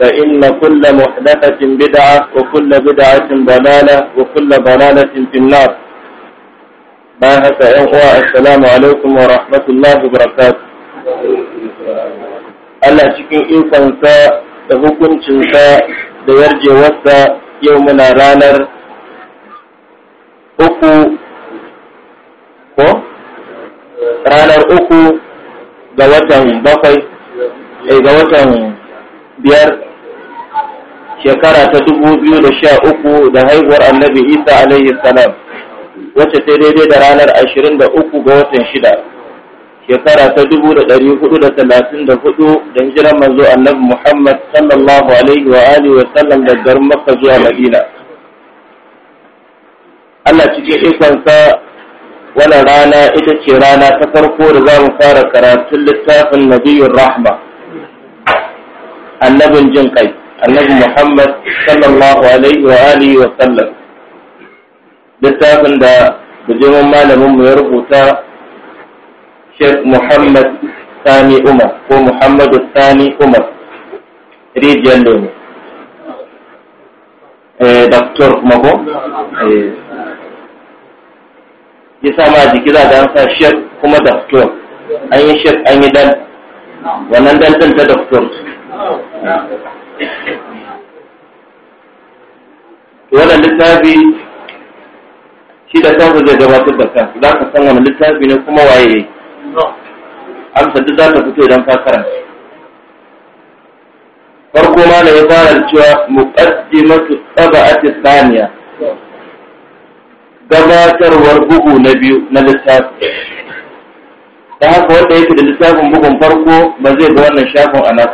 فإن كل محدثة بدعة وكل بدعة ضلالة وكل ضلالة في النار ما هكا ينقوى السلام عليكم ورحمة الله وبركاته Allah cikin ikonsa da hukuncinsa da yarjewarsa yau muna ranar uku ko? ranar ga watan biyar shekara ta dubu biyu da sha uku da haihuwar annabi isa alayhi salam wacce ta daidai da ranar ashirin da uku ga watan shida shekara ta dubu da ɗari hudu da talatin da hudu da jiran manzo annabi muhammad sallallahu alaihi wa alihi wa sallam da garin makka zuwa madina allah cikin ikonsa wannan rana ita ce rana ta farko da za mu fara karatun littafin nabiyun rahma annabin jin kai النبي محمد صلى الله عليه وآله وسلم بسابن دا بجمع لهم يربوتا شيخ محمد ثاني عمر ومحمد الثاني أمر ريد جلوني إيه دكتور مهو إيه يسامع دي كده دانسا شيخ كما دكتور أي شيخ أي دان ونندل دكتور wannan littafi shi da kansa zai gabatar da kansa za ka san wani littafi ne kuma waye amsa duk za ta fito idan ka karanta farko ma da ya fara cewa muqaddimatu taba'ati thaniya gabatarwar bugu na biyu na littafi ta haka wanda yake da littafin bugun farko ba zai ga wannan shafin a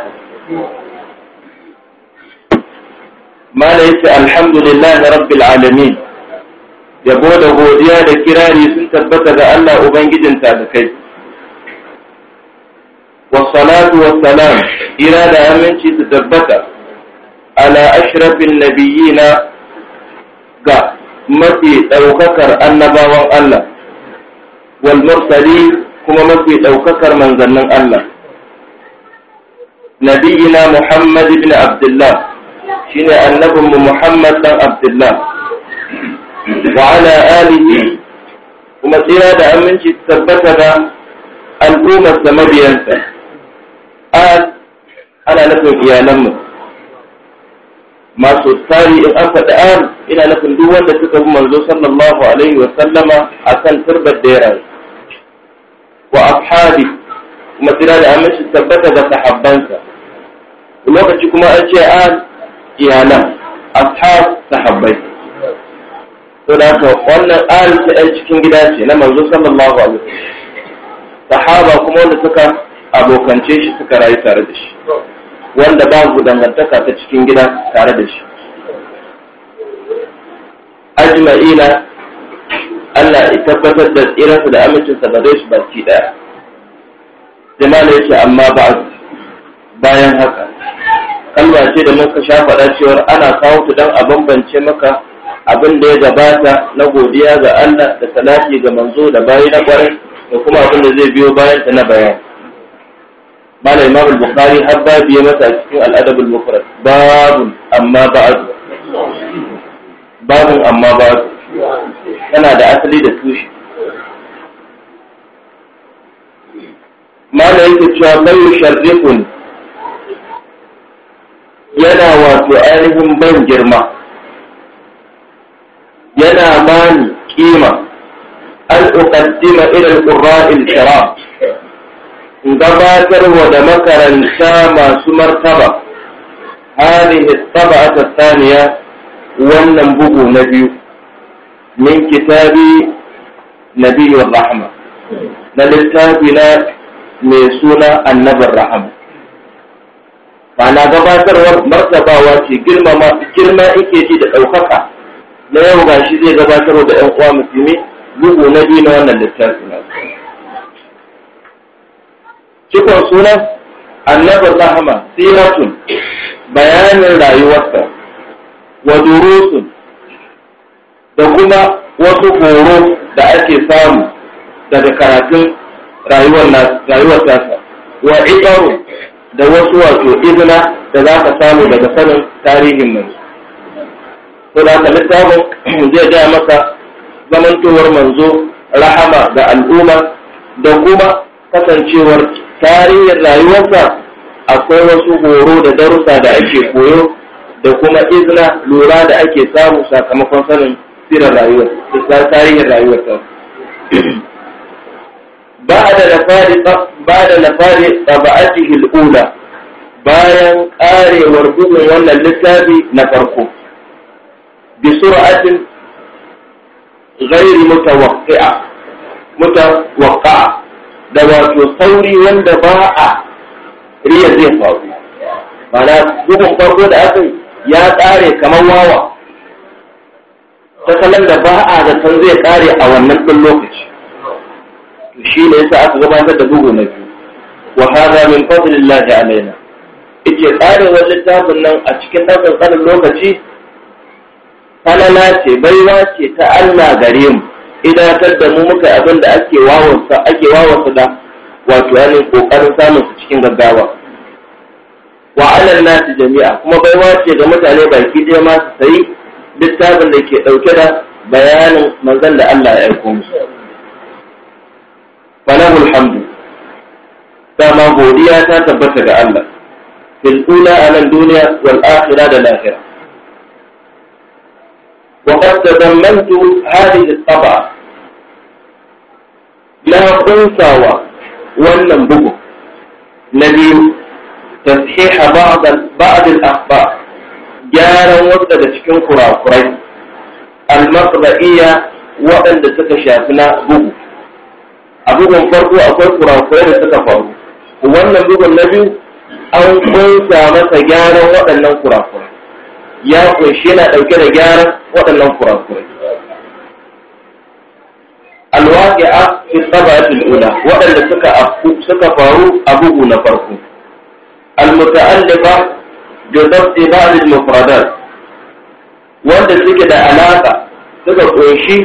mala yace alhamdulillahi rabbil alamin yabo da godiya da kirari sun tabbata ga Allah ubangijin talikai wassalatu wassalam ira da aminci su tabbata ala ashrafin nabiyina ga mafi ɗaukakar annabawan Allah wal mursali kuma mafi ɗaukakar manzannin Allah nabiyina Muhammad ibn Abdullah shine mu Muhammad dan Abdullah wa ala alihi kuma tsira da aminci tabbata da al'ummar da mabiyansa al ana nufin iyalanmu masu tsari in an faɗi an ina nufin duk wanda suka bi manzo sallallahu alaihi wa sallama akan turbar da ya wa ashabi kuma tsira da aminci tabbata da sahabbansa lokaci kuma an ce an iyalan ashab sahabbai to da ka wannan tsarin ta cikin gida ce na manzo sallallahu alaihi wasallam sahaba kuma wanda suka abokance shi suka rayu tare da shi wanda babu dangantaka ta cikin gida tare da shi ajma'ina Allah ya tabbatar da tsirarsa da amincinsa gare shi baki daya jama'a yace amma ba bayan haka kalma ce da muka sha faɗa cewar ana kawo ta don a bambance maka abin da ya gabata na godiya ga Allah da salati ga manzo da bayi na kwarai da kuma abin da zai biyo bayan ta na bayan. malam imam al-bukhari har babu ya masa cikin al-adab al-mufrad babun amma ba'd babun amma ba'd yana da asali da tushe malam yake cewa bai sharriqun yana wato ainihin ban girma yana bani kima an uqaddima ila al-qurra'il kiram gabatarwa da makaranta masu martaba wannan bugu na biyu min kitabi نبي من na littafi na mai suna النبي الرحمة na gabatarwar martabawa ce girmama girma yake ji da ɗaukaka na yau ga shi zai gabatar da 'yan uwa musulmi bugu na biyu na wannan littafin na cikon sunan annabi rahama siratun bayanin rayuwarsa wa durusun da kuma wasu horo da ake samu daga karatun rayuwar tasa wa ibaru da wasu wato izina da za ka samu daga sanin tarihin manzo ko da haka littafin zai gaya maka zamantowar manzo rahama da al'umma da kuma kasancewar tarihin rayuwarsa akwai wasu horo da darussa da ake koyo da kuma izina lura da ake samu sakamakon sanin sirar rayuwar tarihin rayuwarsa بعد نفار بعد نفار طبعته الأولى bayan karewar bugun wannan littafi na farko bi sur'atin ghairi mutawaqqi'a mutawaqqi'a da wato sauri wanda ba'a, riya zai faru mana bugun farko da aka ya tsare kamar wawa ta kalan da ba'a da zaton zai kare a wannan ɗin lokaci shi ne yasa aka gabatar da bugu na biyu wa hada min fadlillahi alaina yace tsarin wajen littafin nan a cikin ɗaukar tsarin lokaci falala ce baiwa ce ta Allah gare mu idatar da mu muka abin da ake wawansa ake wawansa da wato yanin kokarin samun su cikin gaggawa wa alal nasi jami'a kuma baiwa ce ga mutane baki ɗaya ma su sayi littafin da ke ɗauke da bayanin manzon da Allah ya aiko musu فله الحمد كما هوديا تثبت ده الله في الاولى على الدنيا والاخره على الاخره وقد تضمنت هذه الطبعة لا قنصاوة والنبوغ الذي تصحيح بعض, بعض الأخبار جارا وقد تكون قرى قرين المطبئية وقد تتشافنا بوغ a bugun farko akwai kurakurai da suka faru wannan bugun na biyu an kunsa masa gyaran waɗannan kurakurai ya kunshi yana ɗauke da gyaran waɗannan kurakurai a fi tsabatul ula waɗanda suka faru a bugu na farko almuta'allifa bi de ba da mufradat wanda suke da alaka suka kunshi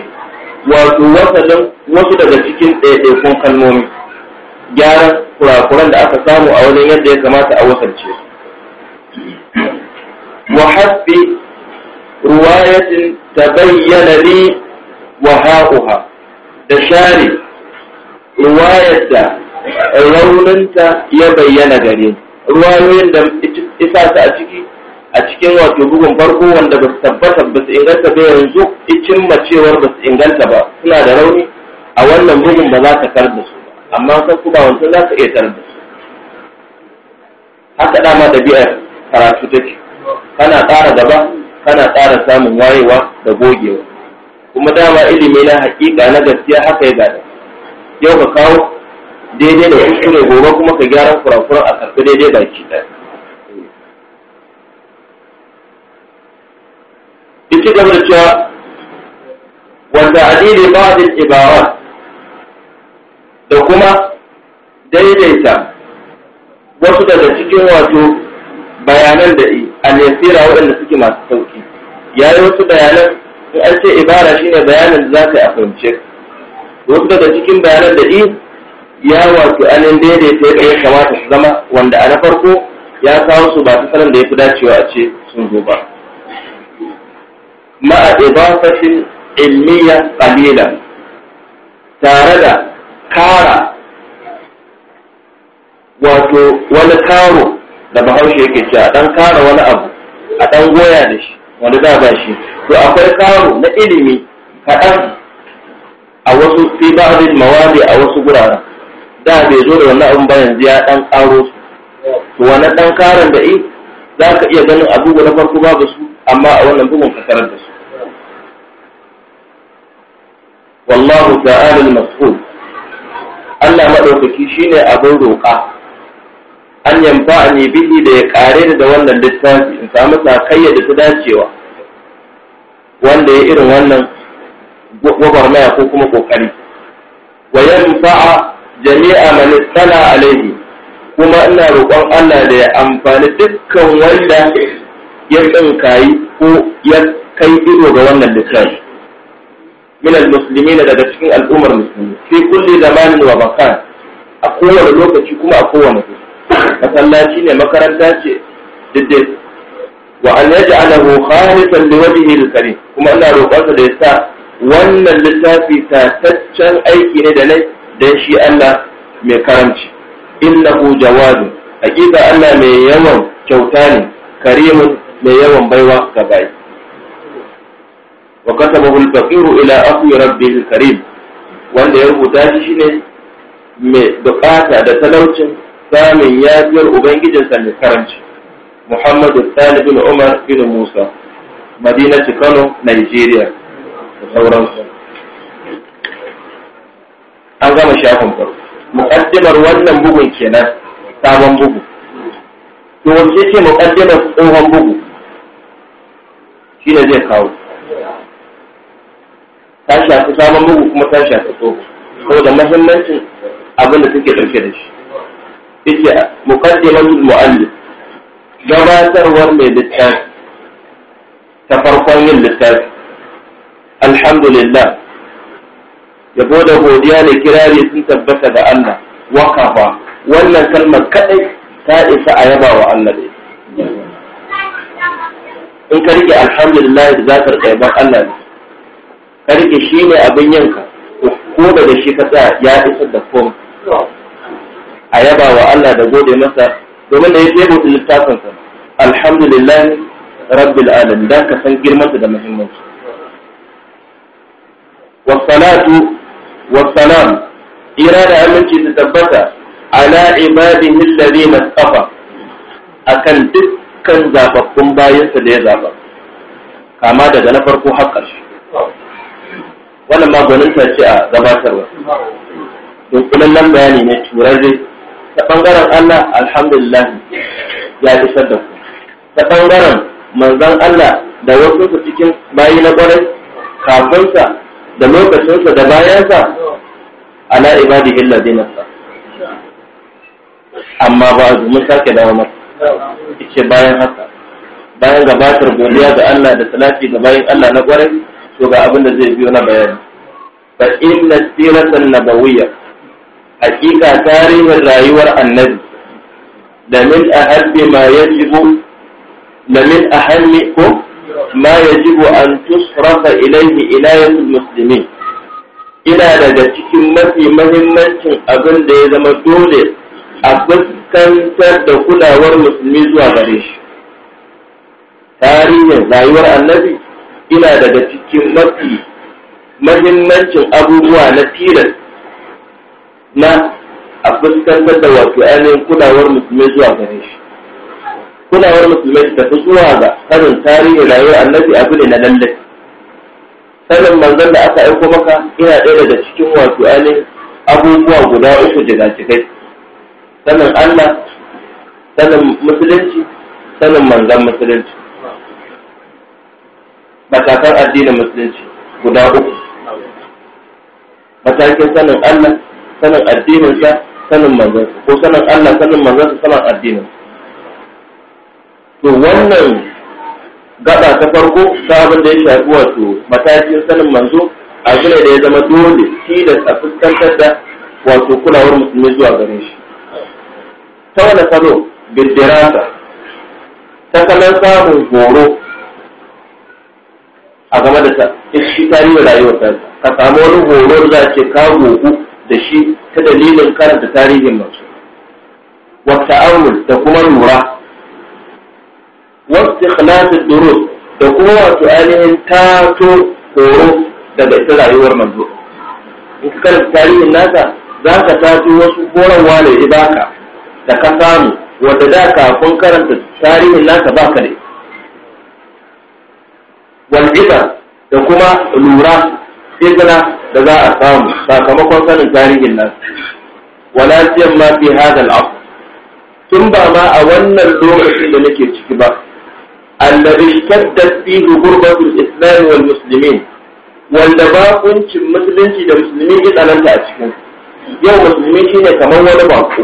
wato wasalin wasu daga cikin ɗaiɗaikun kalmomi gyaran kurakuran da aka samu a wajen yadda ya kamata a wasance su wa ruwayatin ta bayyana ni wa ha'uha da share ruwayar da raunanta ya bayyana gare ruwayoyin da isa ta a ciki a cikin wato bugun farko wanda ba su tabbatar ba su inganta ba yanzu icin macewar ba su inganta ba suna da rauni a wannan bugun ba za ka kar da su amma kan kuma wancan za ka iya tar da su haka dama ɗabi'ar karatu take kana ƙara gaba kana ƙara samun wayewa da gogewa kuma dama ilimi na haƙiƙa na gaskiya haka ya gada yau ka kawo daidai da kuskure gobe kuma ka gyara kurakuran a karfi daidai baki ɗaya ci gaba da cewa wanda adili ba'd al da kuma daidaita wasu daga cikin wato bayanan da al-yasira waɗanda suke masu sauki yi wasu bayanan in an ce ibara shine bayanin da za ka yi a fahimce wasu daga cikin bayanan da i ya wato anin daidaita ya ya kamata su zama wanda a na farko ya kawo su ba su sanin da ya fi dacewa a ce sun zo ba ma'a idafatin ilmiya qalila tare da kara wato wani karo da bahaushe yake cewa dan kara wani abu a dan goya da shi wani da ba shi to akwai karo na ilimi kaɗan a wasu fi mawabi a wasu guraren da bai zo da wani abu ba yanzu ya dan karo su to dan karan da za ka iya ganin abu na farko babu su amma a wannan bugun ka karar da su wallahu ta'ala al-mas'ul Allah maɗaukaki ne abin roƙa an yamfa a bihi da ya ƙare da wannan littafi in samu sakayya da ta dacewa wanda ya irin wannan gwagwarmaya ko kuma ƙoƙari wa a jami'a man tala alaihi kuma ina roƙon Allah da ya amfani dukkan wanda ya tsinkayi ko ya kai ido ga wannan littafi Mina musulmi muslimina daga cikin al'ummar musulmi fi kulli zamanin wa makan a kowane lokaci kuma a kowane masallaci ne makaranta ce diddai wa an yaj'alahu khalisan liwajhihi al-karim kuma ina roƙonsa da ya sa wannan littafi sataccen aiki ne da nai dan shi Allah mai karamci innahu jawadun hakika Allah mai yawan kyauta ne karimun mai yawan baiwa ga bayi wa katabahu al-faqiru ila akhi rabbih al-karim wanda ya rubuta shi shine mai bukata da talaucin samun yafiyar ubangijinsa mai karanci Muhammadu Sani bin Umar bin Musa Madina Kano Nigeria da sauransu an gama shafin farko muƙaddimar wannan bugun kenan sabon bugu to wace ce muƙaddimar tsohon bugu shi ne zai kawo ta shafi sabon bugu kuma ta shafi tsoho saboda mahimmancin abin da take ɗauke da shi ita muqaddimatul mu'allif gabatarwar mai littafi ta farkon yin littafi alhamdulillah yabo da godiya ne kirari sun tabbata da Allah wakafa wannan kalmar kaɗai ta isa a yaba wa Allah ne in ka rike alhamdulillah da zakar kaiban Allah ne ka shi ne abin yanka ko daga shi ka tsaya ya isa da kom a yaba wa Allah da gode masa domin da ya tsebo littafin sa alhamdulillah rabbil alamin dan ka san girman da muhimmanci wa salam ira da aminci ta tabbata ala ibadihi alladhina safa akan dukkan zababbun bayansa da ya zaba kama daga na farko har ƙarshe wannan ma gwaninta ce a gabatarwa dunkulallen bayani ne turare ta ɓangaren Allah alhamdulillah ya isar da ku ta ɓangaren manzan Allah da wasu su cikin bayi na ƙwarai kafinsa da lokacinsa da bayansa ala ibadi illa dinarsa amma ba a zumun sake dawo masa ce bayan haka bayan gabatar godiya ga Allah da salati ga bayan Allah na ƙwarai to ga abin da zai biyo na bayani fa inna siratan nabawiyya haqiqa tarihin rayuwar annabi da min ahabbi ma yajibu da min ahammi ko ma yajibu an tusrafa ilayhi inayatul muslimin ina daga cikin mafi muhimmancin abin da ya zama dole a fuskantar da kulawar musulmi zuwa gare shi tarihin rayuwar annabi ina daga cikin mafi mahimmancin abubuwa na tilas na a fuskantar da wato ainihin kulawar musulmai zuwa gare shi kulawar musulmai ta tafi zuwa ga sanin tarihin rayuwar annabi abu ne na lallai sanin manzon da aka aiko maka ina ɗaya daga cikin wato ainihin abubuwa guda uku jigajigai sanin allah sanin musulunci sanin manzon musulunci matakan addinin musulunci guda uku matakin sanin Allah sanin addininsa sanin manzansa ko sanin Allah sanin manzansa sanin addinin to wannan gaba ta farko ta abin da ya shafi wato matakin sanin manzo a ne da ya zama dole tilas a fuskantar da wato kulawar musulmi zuwa gare shi ta wani salo bidirasa ta salon samun horo a game da ta shi tarihin rayuwar ta ka samu wani horo da za ce ka da shi ta dalilin karanta tarihin masu wata aunin da kuma lura wasu ikhlasin durus da kuma wato ainihin tato horo daga ita rayuwar manzo in ka karanta tarihin nasa za ka tato wasu horarwa da ibaka da ka samu wanda da kafin karanta tarihin nasa ba ka da wal da kuma lura izina da za a samu sakamakon sanin tarihin nan wala siyan ma fi hada al'afu tun ba ma a wannan lokacin da nake ciki ba allabi shaddat fihi gurbatul islam wal muslimin wanda bakuncin musulunci da musulmi ya tsananta a cikin yau musulmi shine kamar wani bako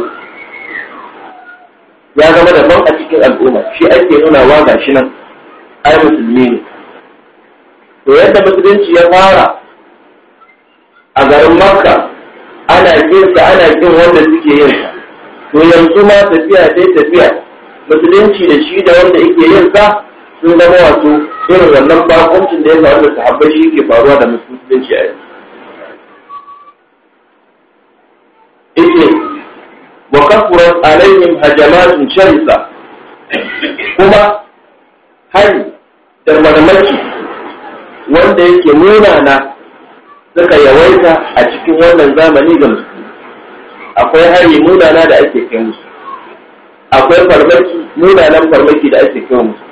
ya zama daban a cikin al'umma shi ake nuna wa gashi nan ai musulmi ne to yadda musulunci ya fara a garin makka ana sa, ana jin wanda suke yin sa to yanzu ma tafiya sai tafiya musulunci da shi da wanda yake yin sa sun zama wato irin wannan bakuncin da ya faru da sahabbai shi ke faruwa da musulunci a yanzu ike wa kafurat alaihim hajamatun sharisa kuma hari da marmaki wanda yake na suka yawaita a cikin wannan zamani ga musulmi akwai hari munana da ake kai musu akwai farmaki munanan farmaki da ake kai musu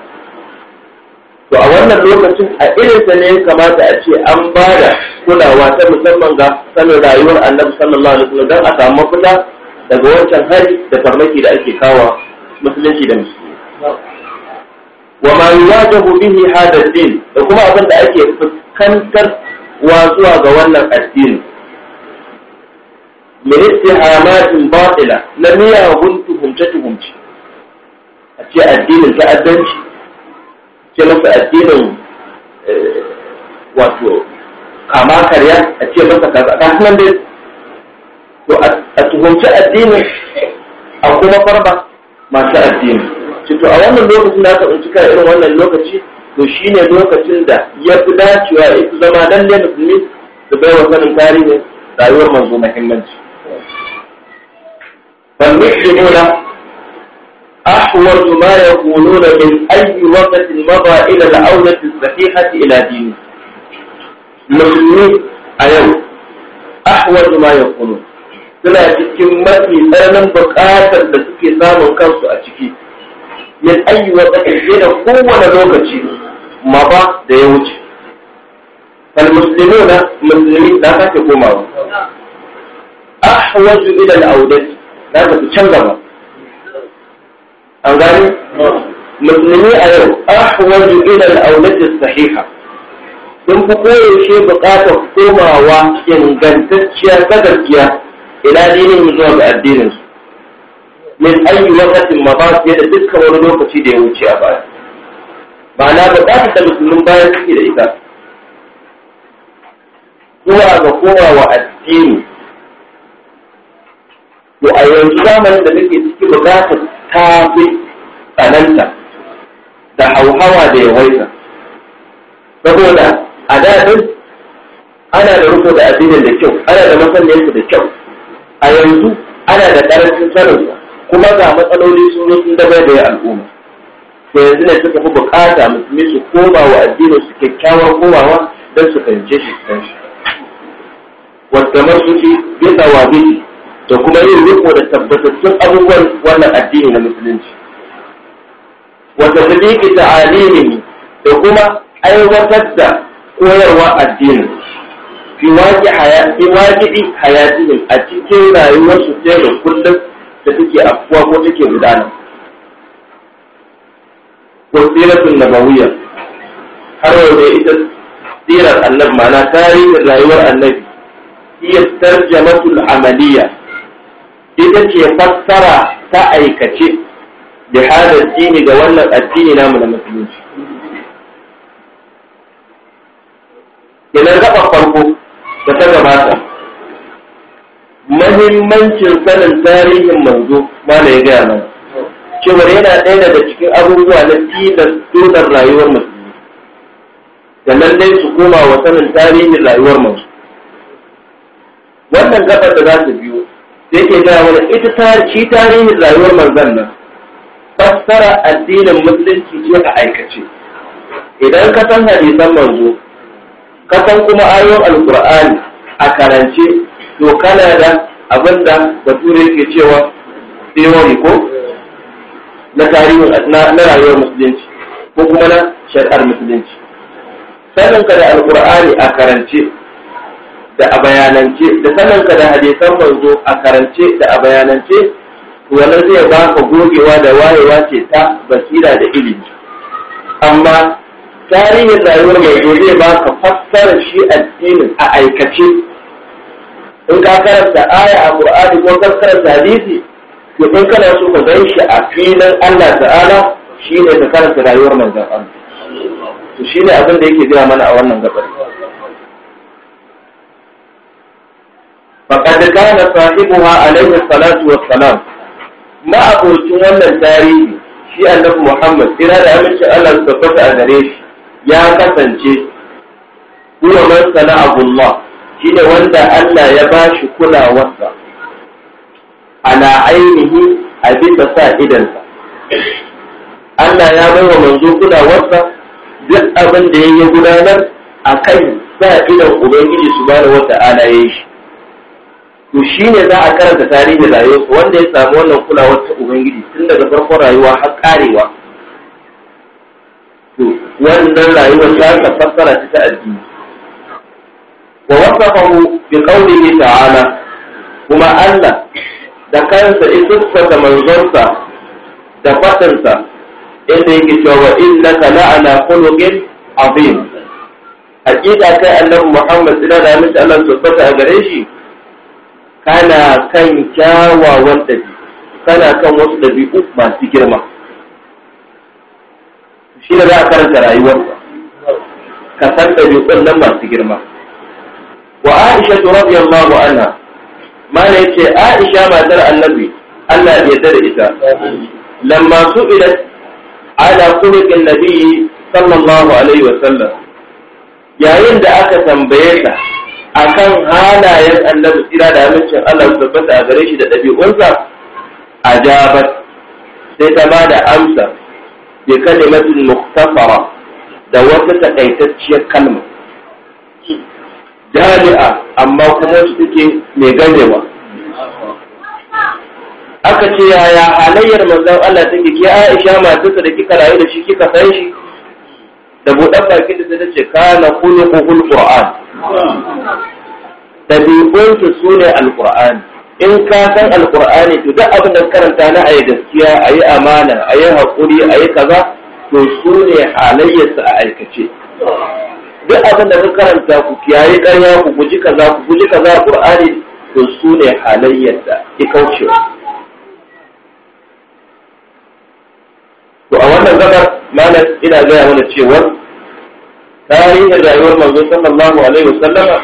to a wannan lokacin a irin sa ne ya kamata a ce an ba da kulawa ta musamman ga sanin rayuwar annabi sallallahu alaihi wasallam don a samu mafita daga wancan hari da farmaki da ake kawa musulunci da musulmi wa ma yuwajahu bihi hada da kuma abin da ake fuskantar wa zuwa ga wannan addini min istihamatin batila na miyagun tuhumce tuhumce a ce addinin ta'addanci ce masa addinin eh, wato kama karya a ce masa kaza ga nan to a tuhumci addinin a kuma farba masu addini ce to a wannan lokacin da aka ɗauki ka irin wannan lokaci to shine lokacin da ya fi dacewa ya fi zama lalle musulmi su bai wa sanin tarihin rayuwar manzo muhimmanci. فالمسلمون أحوج ما يقولون من أي وقت مضى إلى الأولة الصحيحة إلى دينه مسلمين أيوم أحوج ما يقولون suna cikin mafi tsananin buƙatar da suke samun kansu a ciki min ayyu wa tsakirge da kowane lokaci ma ba da ya wuce fal muslimuna musulmi na sake komawa ahwaju ila al-audati na tafi canza ba. an gani musulmi a yau ahwaju ila al-audati sahiha sun fi shi buƙatar komawa ingantacciya ta gaskiya ila dinin zuwa ga su. min ayi wakatin ma ba fiye da dukkan wani lokaci da ya wuce a baya ba buƙatar da musulmin bayan suke da ita zuwa ga kowa wa addini to a yanzu zamanin da nake ciki ba za ta tafi tsananta da hauhawa da yawaita saboda a daɗin ana da rufo da addinin da kyau ana da masaniyarsa da kyau a yanzu ana da ƙarancin saninsa kuma ga matsaloli sun zo sun dabai da al'umma to yanzu ne suka fi bukata musulmi su koma wa addini su kyakkyawar komawa don su fahimce shi kan shi masu shi bisa wa bihi da kuma yin riko da tabbatattun abubuwan wannan addini na musulunci wanda sadiki ta alimi da kuma aiwatar da koyarwa addinin fi waji hayati a cikin rayuwarsu ta kullum da take afkuwa ko take gudana ko siratun nabawiyya har yau da ita sirar annabi ma'ana tarihin rayuwar annabi iya tarjamatul amaliya ita ce fassara ta aikace da hadar ga wannan addini namu na musulunci idan gaba farko da ta gabata mahimmancin sanin tarihin manzo mana ya gaya nan cewar yana ɗaya daga cikin abubuwa na tilas dodar rayuwar musulmi da dai su koma wa sanin tarihin rayuwar manzo wannan gabar da za su biyo da yake gaya mana ita shi tarihin rayuwar manzon nan fassara addinin musulunci ce a aikace idan ka san hadisan manzo ka san kuma ayoyin alkur'ani a karance to kana da abin da bature ke cewa theory ko na tarihin na rayuwar musulunci ko kuma na shari'ar musulunci saninka da alkur'ani a karance da a bayanance da saninka da hadisan manzo a karance da a bayanance wani zai ba ka gogewa da wayewa ce ta basira da ilimi amma tarihin rayuwar mai zai ba ka fassara shi addinin a aikace in ka karanta aya a Qur'ani ko ka karanta hadisi to in kana so ka gan shi a filin Allah ta'ala shine ka karanta rayuwar manzon Allah to shine abin da yake gina mana a wannan gabar faqad kana sahibuha alayhi salatu wassalam ma abocin wannan tarihi shi annabi Muhammad kira da aminci Allah su tabbata a gare shi ya kasance huwa man sana'a Allah shine wanda Allah ya ba shi kulawarsa ana ainihi a bisa sa idansa Allah ya bai wa manzo kulawarsa duk abin da ya gudanar a kan sa idan Ubangiji su ba da wata ala ya shi to shi ne za a karanta tarihin rayuwarsa wanda ya samu wannan kulawar ta Ubangiji tun daga farkon rayuwa har karewa to wannan rayuwar ta fassara ta addini wa wasafahu bi qawlihi ta'ala kuma Allah da kansa isuffa manzonsa da fatansa inda yake cewa wa na la'ala khuluqin azim hakika kai annabi Muhammad sallallahu alaihi wasallam Allah tabbata a gare shi kana kan kyawawan dabi kana kan wasu dabi'u masu girma shi za a karanta rayuwarsa ka san dabi'un nan masu girma wa aisha radiyallahu ana mana yace aisha matar annabi Allah ya yarda da ita lamma su'ilat ala khuluqin nabi sallallahu alaihi wa sallam yayin da aka tambaye ta akan halayen annabi tsira da amincin Allah su tabbata a gare shi da ɗabi'unsa ajabat sai ta ba da amsa bi kalimatin muktafara da wata takaitacciyar kalma jami'a amma kuma su take mai ganewa aka ce yaya halayyar manzon Allah take ke Aisha matarsa da kika rayu da shi kika san shi da buɗan baki da ta ce kana khuluquhul qur'an dabi'unsu sune alquran in ka san alqur'ani to duk abin da karanta na ayi gaskiya ayi amana ayi hakuri ayi kaza to sune halayyarsa a aikace duk abin da ka karanta ku kiyaye ƙarya ku guji kaza ku guji kaza Qur'ani to su ne halayyar da ki kauce to a wannan gaba malam ina gaya mana cewa tarihin rayuwar manzo sallallahu alaihi wasallama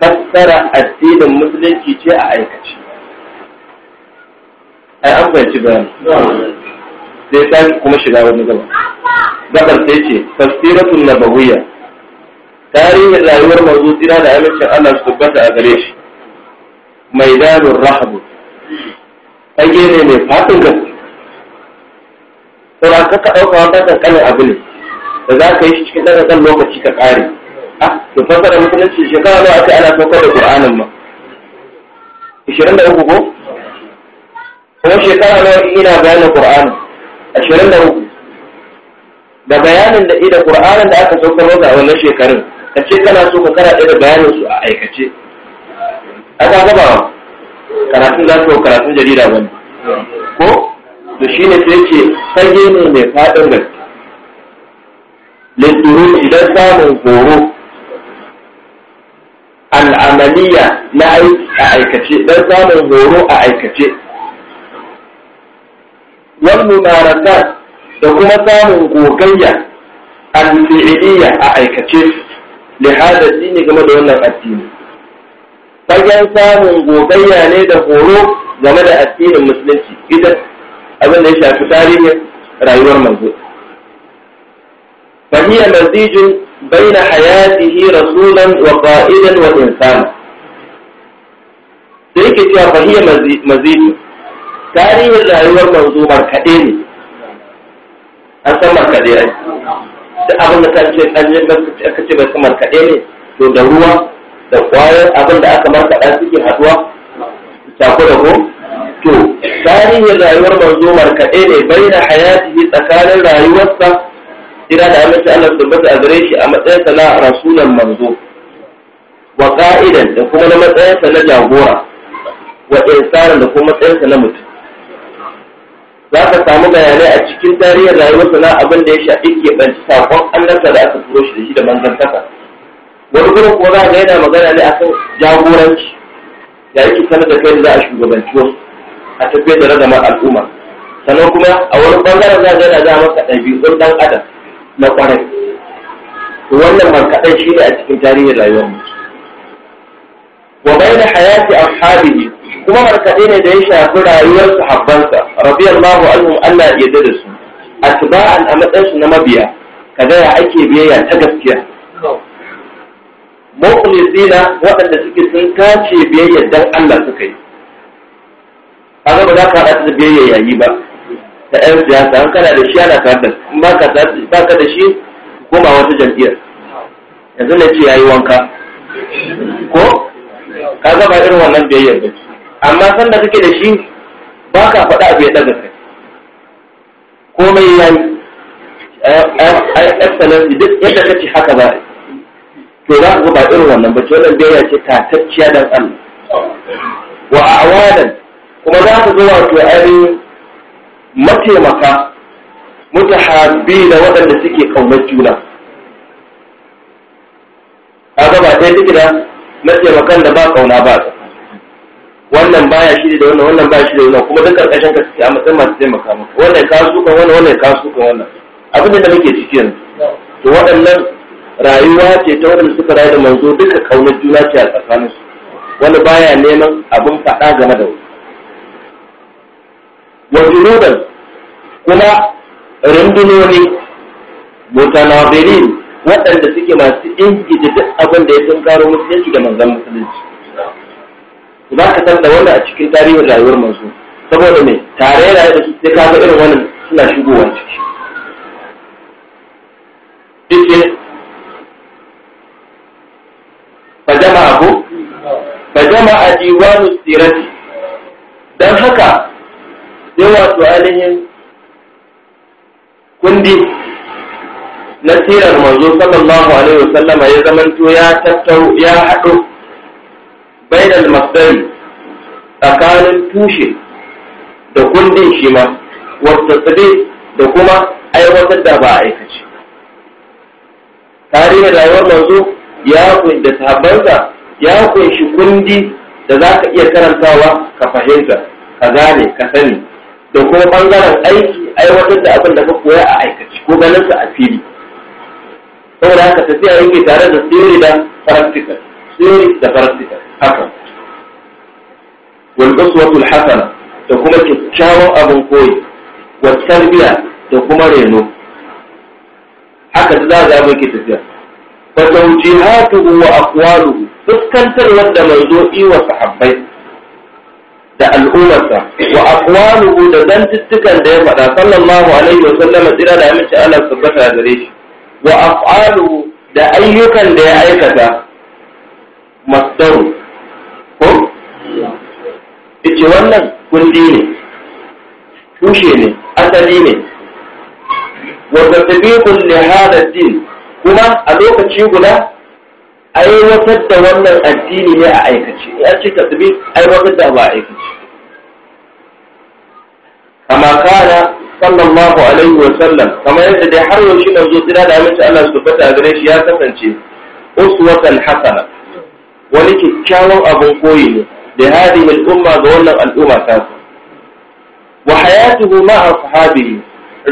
fassara addinin musulunci ce a aikace ai an bayanci bayani sai ta kuma shiga wani gaba gaba sai ce tafsiratul nabawiyya tarihin rayuwar manzo tsira da amincin Allah su tabbata a gare shi mai dalin rahabu fage ne mai fatin gaske saura ka ka ɗauka wata kankanin abu ne da za ka yi shi cikin ɗan lokaci ka ƙare a ah, to fasara musulunci shekara nawa aka ana saukar da Qur'anin ma 23 da uku ko kuma shekara nawa ina bayanin Qur'anin Ashirin da uku da bayanin da ida Qur'anin da aka saukar masa a wannan shekarun ka ce kana so ka ɗaya da bayanin su a aikace a ka gaba karatun za su karatun jarida ba ko da shi ne sai ce fage ne mai faɗin da litturin idan samun horo al'amaliya na aiki a aikace don samun horo a aikace wannan marasa da kuma samun gogayya al a aikace lihada dini game da wannan addini fagen samun gogayya ne da horo game da addinin musulunci idan abin da ya shafi tarihin rayuwar manzo فهي مزيج بين حياته رسولا وقائدا وإنسانا sai ke cewa fahiyya mazini tarihin rayuwar manzo markaɗe ne an san markaɗe ai duk abin da kan ce an yi aka ce bai kamar kaɗe ne to da ruwa da kwayar abin da aka markaɗa suke haɗuwa sako da ko to tarihin rayuwar manzo markaɗe ne bai na hayati tsakanin rayuwarsa ina da amince Allah su tabbata a gare shi a matsayinsa na rasulan manzo wa ka'idan da kuma na matsayinsa na jagora wa insanin da kuma matsayinsa na mutum za ka samu bayanai a cikin tarihin rayuwarsa na abin da ya shafi ke banci saƙon annabta da aka turo shi da shi da manzantaka wani gurin kuwa za ka yana magana ne akan jagoranci da yake sanar da kai za a shugabanci wasu a tafiyar da ragamar al'umma sannan kuma a wani bangaren za ka yana za maka ɗabi'un ɗan adam na ƙwarai wannan markaɗai shi ne a cikin tarihin rayuwar mu wa bayan hayati a kuma markaɗe ne da ya shafi rayuwar sahabbansa radiyallahu anhum Allah ya yarda da su A atba'an a matsayin su na mabiya kaga ya ake biyayya ta gaskiya mukhlisina waɗanda suke sun tace biyayya dan Allah suka yi kaga ba za ka haɗa da biyayya yayi ba da ɗan siyasa an kana da shi ana tare da in ba ka ba ka da shi koma wata jam'iyyar yanzu na ce yayi wanka ko kaga ba irin wannan biyayyar ba ce amma sanda kake da shi ba ka faɗa abu ya ɗaga kai komai ya yi eh, eh, eh, excellency duk yadda ka ci haka ba to za ku ba irin wannan ba ce wannan biyayya ce tatacciya dan Allah wa awadan kuma za ku zo wato ainihin mataimaka mutahabbi da waɗanda suke ƙaunar juna a gaba ɗaya duk da mataimakan da ba ƙauna ba wannan baya shi da wannan wannan baya shi da wannan kuma duk karkashin ka suke a matsayin masu taimaka maka wannan ka su kan wannan wannan ka su kan wannan abin da muke ciki yanzu to waɗannan rayuwa ce ta wanda suka rayu da manzo duka kaunar juna ce a tsakanin su wani baya neman abin faɗa game da wani wajen kuma rundunoni mutanabirin waɗanda suke masu ingiji duk abin da ya tunkaro musulunci da manzan musulunci za ka san da wanda a cikin tarihin rayuwar manzo saboda me tare da su sai ka irin wannan suna shigowa ciki yake fajama abu fajama a diwanu sirati don haka sai wato ainihin kundi na sirar manzo sallallahu alaihi wasallama ya zamanto ya tattau ya haɗo da masdari tsakanin tushe da kundin shi ma wata tsade da kuma aiwatar da ba a aikace tarihin rayuwar manzo ya kunshi ya kunshi kundi da za ka iya karantawa ka fahimta ka gane ka sani da kuma bangaren aiki aiwatar da abin da ka koya a aikace ko ganin sa a fili saboda haka tafiya yake tare da theory da practical theory da practical haka wal alhasana da kuma kyakkyawan abin koyi wa tarbiya da kuma reno haka da za a ke tafiya fa tawjihatuhu wa aqwaluhu fuskantar wanda manzo iwa sahabbai da al'ummarsa wa aqwaluhu da zantuttukan da ya faɗa sallallahu alaihi wa sallama tsira da amince Allah tabbata gare shi wa af'aluhu da ayyukan da ya aikata masdaru ko ce wannan kundi ne tushe ne asali ne wanda tabiqun ne hada din kuma a lokaci guda aiwatar da wannan addini ne a aikace ya ce tasbih aiwatar da ba aikace kama kana sallallahu alaihi wa sallam kama yadda dai har yau shi zo tira da mace Allah su tabbata a gare shi ya kasance uswatan hasana wani kyakkyawan abin koyi ne da hadin al'umma ga wannan al'umma ta su wa hayatuhu ma ashabihi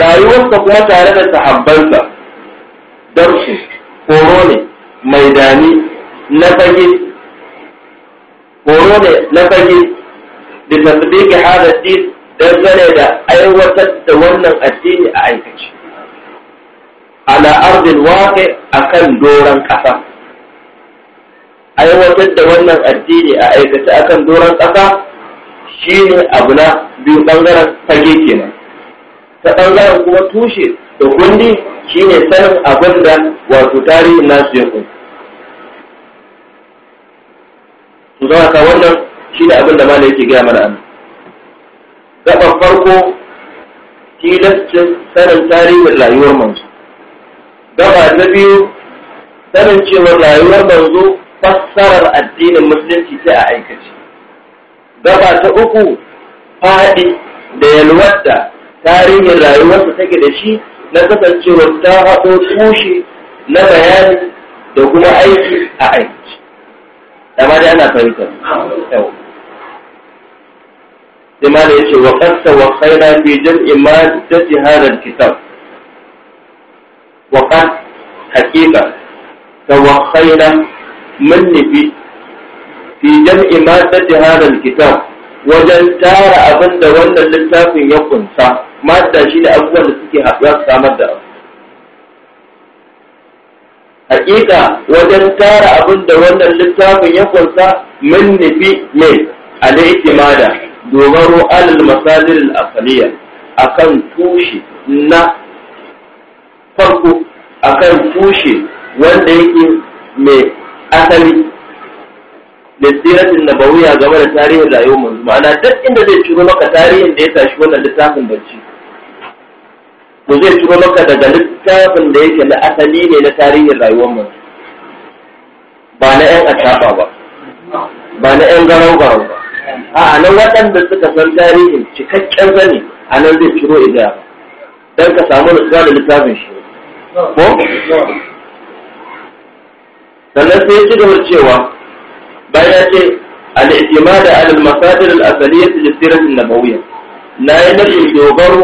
rayuwarsa kuma tare da sahabbansa darsu horo ne mai dani na fage horo ne na fage da tasdiqi hada din dangane da aiwatar da wannan addini a aikace ala ardin waqi akan doran kasa aiwatar da wannan addini a aikata akan doron ƙasa shine abu na biyu ɓangaren fage kenan ta ɓangaren kuma tushe da kundi shine sanin abin da wato tarihin nasu ya su zama ka wannan ne abin da malai yake gaya mana an gaban farko tilastin sanin tarihin rayuwar manzo gaba na biyu sanin cewa rayuwar manzo fassarar addinin musulunci sai a aikace gaba ta uku faɗi da yalwata tarihin rayuwarsa take da shi na kasancewar ta haɗo tushe na bayani da kuma aiki a aikace da ana fahimtar yau sai ma da yace wa qad tawaffaina fi jam'i maddati hadha al-kitab wa mun nufi fi jam'i ma tsaji hadal kitab wajen tara abin da wannan littafin ya kunsa mata shi da abubuwan da suke haɗuwa su samar da abu hakika wajen tara abin da wannan littafin ya kunsa mun nufi ne a al'ikimada dogaro alal masadir al'afaliya kan tushe na farko akan tushe wanda yake mai asali da siratin nabawiya game da tarihin rayuwar manzo ma'ana duk inda zai ciro maka tarihin da ya tashi wannan littafin bacci to zai ciro maka daga littafin da yake na asali ne na tarihin rayuwar manzo ba na yan ataba ba ba na yan garau ba a nan waɗanda suka san tarihin cikakken zane a nan zai ciro idaya don ka samu nutsuwa da littafin shi ko sannan sai ya ci gaba cewa bayan ya ce al-i'timad ala al-masadir al-asaliyyah lis-sirah an-nabawiyyah na yi nufin dogaro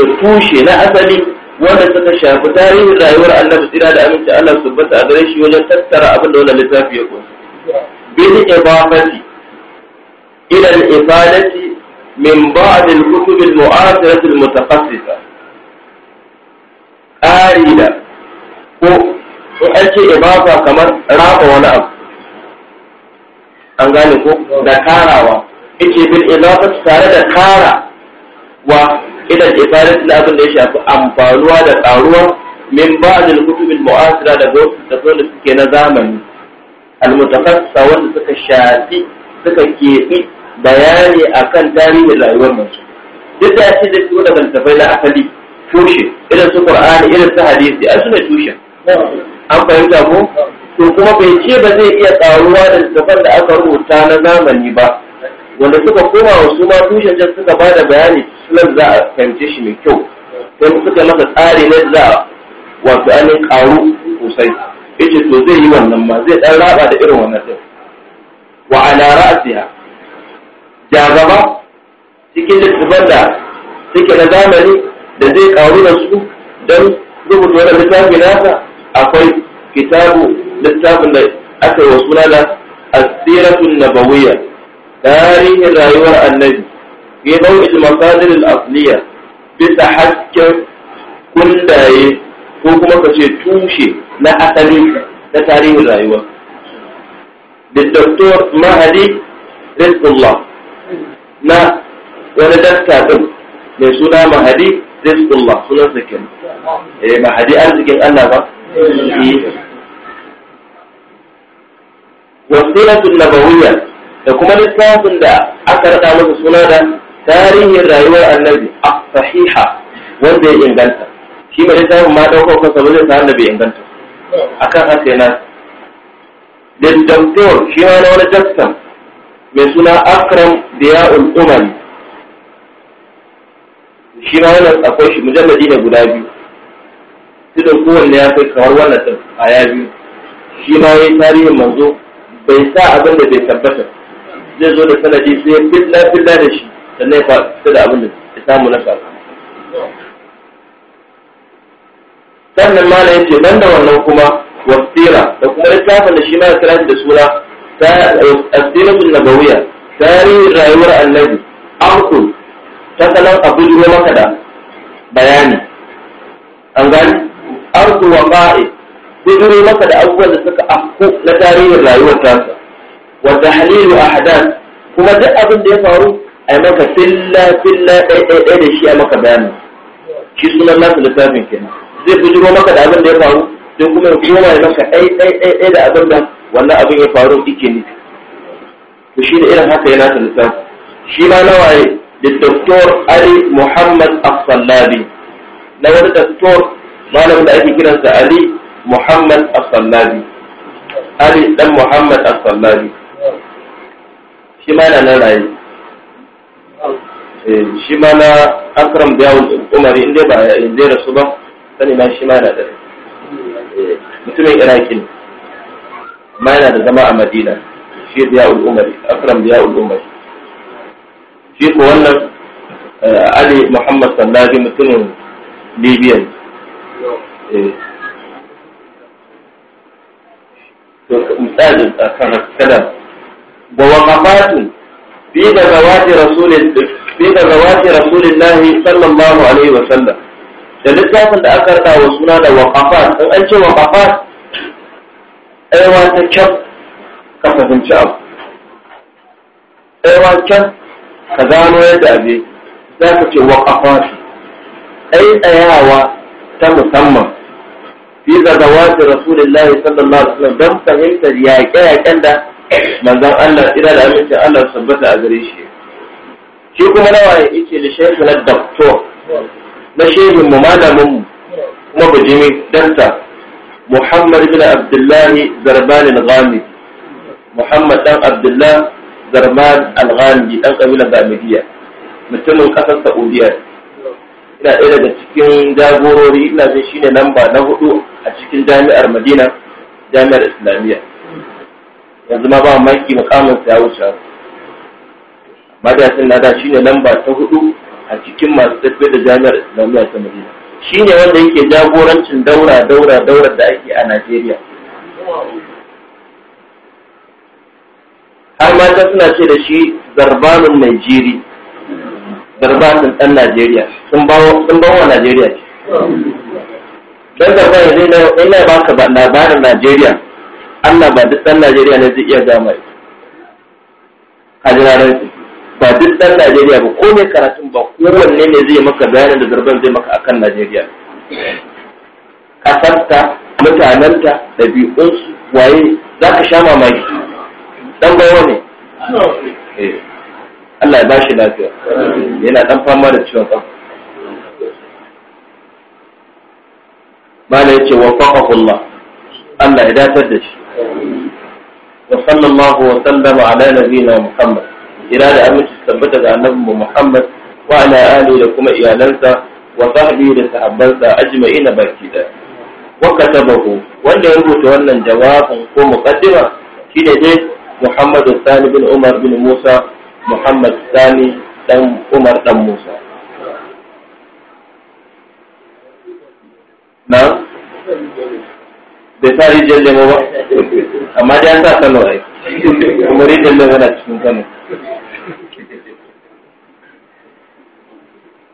da tushe na asali wanda suka shafi tarihin rayuwar annabi tsira da aminci Allah su bata a gare shi wajen tattara abin da wannan littafi ya kunsa bil ibafati ila al-ifadati min ba'd al-kutub al-mu'asirah al-mutaqassisa ƙari ko in an ce kamar raba wani abu an gane ko da karawa ita bil ibada tare da kara wa idan ibada na abin da ya shafi amfanuwa da karuwa min ba'dil kutubil mu'asira da wasu tafsirin da suke na zamani almutafassisa wanda suka shafi suka keɓi bayani akan tarihin rayuwar mutum duk da shi da su da tafai na asali tushe irin su qur'ani irin su hadisi a su ne tushen an fahimta ko to kuma bai ce ba zai iya karuwa da littafan da aka rubuta na zamani ba wanda suka koma wa su ma tushen can suka ba da bayani sunan za a fahimce shi mai kyau sai suka masa tsari na za a wato anin karu sosai yace to zai yi wannan ma zai dan raba da irin wannan din wa ala ra'siha gaba cikin littafan da suke na zamani da zai karu da su don rubuta wannan littafin nasa akwai kitabu littafin da aka yi wa suna da asiratun nabawiyya tarihin rayuwar annabi fi nau'in masadir al-asliya bisa hasken kundaye ko kuma ka ce tushe na asali na tarihin rayuwa da doktor mahadi rizqullah na wani dakta din mai suna mahadi rizqullah sunan sakin eh mahadi arzikin Allah ba wasilatun nabawiyya da kuma littafin da aka rada masa suna da tarihin rayuwar annabi a ah, sahiha wanda ya inganta shi mai littafin ma ɗaukar kansa ba zai sa annabi inganta akan haka yana da doktor shi ma na wani jackson mai suna akram diya'ul umari shi ma wani akwai shi mujalladi ne guda biyu da kowanne ya kai kamar wannan din a ya biyu shi ma yayi tarihin manzo bai sa abin da bai tabbata zai zo da sanadi sai fitna fitna da shi sannan ya fita da abin da ya samu na sako sannan ma na yace banda wannan kuma wasira da kuma littafin da shi ma ya kira da suna asiratun nabawiya tarihin rayuwar annabi akul ta kalan abin maka da bayani an gani arzu wa ma'i zai duro maka da abubuwan da suka afku na tarihin rayuwar tasa wa tahlilu ahdath kuma duk abin da ya faru ai maka filla filla ɗaya ɗaya ɗaya da shi a maka bayani shi sunan nasu littafin kenan zai bujiro maka da abin da ya faru sai kuma ya koma ya maka ɗai ɗai ɗai ɗai da abin da wannan abin ya faru yake nufi to shi da irin haka ya ta littafi shi ma na waye da doktor ali muhammad afsallabi na wani doktor malamin da ake kiransa ali muhammad as-sallabi ali dan muhammad as-sallabi shi ma yana nan raye eh, shi ma na akram biyawun umari inda ba a inda rasu ba sani ma shi ma na da eh, mutumin iraki ne ma yana da zama a madina shi biyawun umari akram biyawun umari shi ko wannan eh, ali muhammad sallabi mutumin libya misalin tsakarar salam wa waqafatun da zawati rasulin fi da zawati rasulillahi sallallahu alaihi wa sallam da littafin da aka rada wa suna da waqafat in an ce waqafat aiwa ta kyau ka fahimci abu aiwa kyau ka gano yadda abe za ka ce waqafat ai tsayawa ta musamman fi zagawati rasulillahi sallallahu alaihi wasallam don fahimtar yaƙe-yaƙen da manzon Allah ira da amince Allah sabbata a gare shi shi kuma nawa ya ce da shehu na doktor na shehu mu malamin mu kuma bujimi danta Muhammad ibn Abdullah Zarban al ghani Muhammad dan Abdullah Zarban al ghani dan kabila Gamidiya mutumin kasar Saudiya ina ɗaya daga cikin jagorori ina jin shine namba na hudu a cikin jami'ar madina jami'ar islamiyya yanzu ma ba maki mukamin sa ya wuce da sun da shine namba ta hudu a cikin masu tafiya da jami'ar islamiyya ta madina shine wanda yake jagorancin daura daura daura da ake a najeriya har mata suna ce da shi zarbanin najeriya garbatin ɗan Najeriya sun bawa Najeriya ce. Dan garba yanzu ina ina baka ba labarin Najeriya Allah ba duk ɗan Najeriya ne zai iya gama ita. Kajirarin ba duk ɗan Najeriya ba ko mai karatun ba Ko wanne ne zai maka bayanin da garban zai maka akan Najeriya. Kasarta, mutanenta, ɗabi'unsu, waye za ka sha mamaki. Dan bayo ne. Eh. Allah ya ba shi lafiya yana dan fama da ciwon kafa bala yace wafaqahu Allah Allah ya datar da shi wa sallallahu wa sallama ala nabiyina Muhammad ira da aminci tabbata ga annabi Muhammad wa ala alihi da kuma iyalansa wa sahbihi da sahabbansa ajma'in baki da wa katabahu wanda ya rubuta wannan jawabin ko muqaddima shine dai Muhammad Sani bin Umar bin Musa Muhammad Sani dan Umar dan Musa. Na? Bai sa rijiyar lemo ba, amma dai an sa Kano ai, kuma rijiyar lemo na cikin Kano.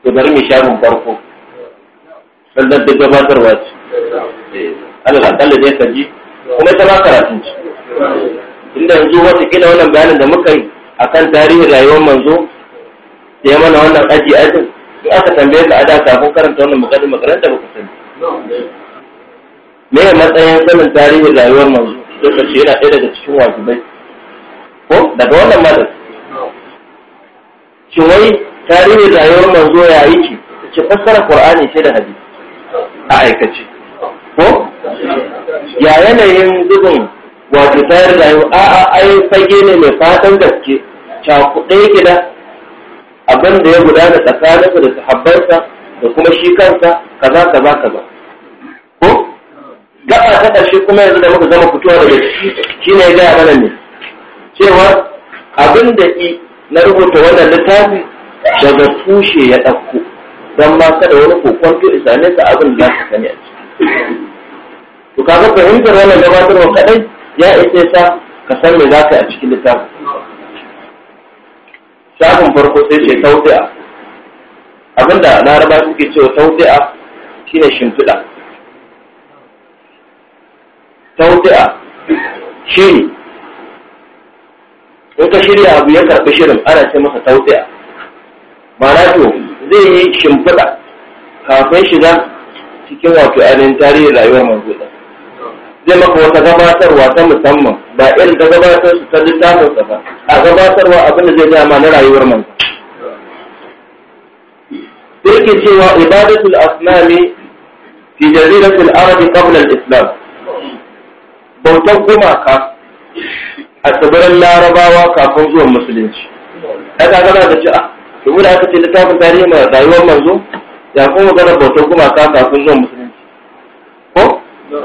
To bari mu mun farko, sannan da gabatarwa ce. Allah kalle dai ka ji, kuma ita ba karatun ci. Inda yanzu wata kila wannan bayanin da muka yi, akan tarihin rayuwar manzo da ya mana wannan aji ajin in aka tambaye ka ada kafin karanta wannan mukaddin makaranta ba ku sani me matsayin sanin tarihin rayuwar manzo lokaci yana ɗaya daga cikin wajibai ko daga wannan malam su? wai tarihin rayuwar manzo ya yi ki ki fassara qur'ani ce da hadisi a aikace ko ya yanayin zubin wato tayar da yau a'a ai fage ne mai fatan gaske cakuɗe gida abin da ya gudana tsakaninsa da sahabbansa da kuma shi kansa kaza kaza kaza ko gaba ta ƙarshe kuma yanzu da muka zama fitowa daga ciki shi ne ya gaya mana ne cewa abin da i na rubuta wannan littafi daga tushe ya ɗauko don ma kada wani kokonto isa nesa abin da za ka sani a ciki to kaga fahimtar wannan gabatarwa kaɗai ya ita ta ka san me za ka a cikin littafin shafin farko sai ce taudi'a abinda laraba suke cewa shi ne shimfiɗa shi ne. in ka shirya abu ya karɓi shirin ana ce masa taudi'a ma'ana to zai yi shimfiɗa kafin shiga cikin wato ainihin tarihin rayuwar manzo zai maka wata gabatarwa ta musamman ba irin ta gabatar su ta littafin sa ba a gabatarwa abin da zai ga ma na rayuwar man yake cewa ibadatul asnami fi jaziratul arab qabla al-islam bautan gumaka a tsibirin larabawa kafin zuwan musulunci aka gana da ci a da aka ce littafin tarihi mai rayuwar manzo ya kuma gana bautar gumaka kafin zuwan musulunci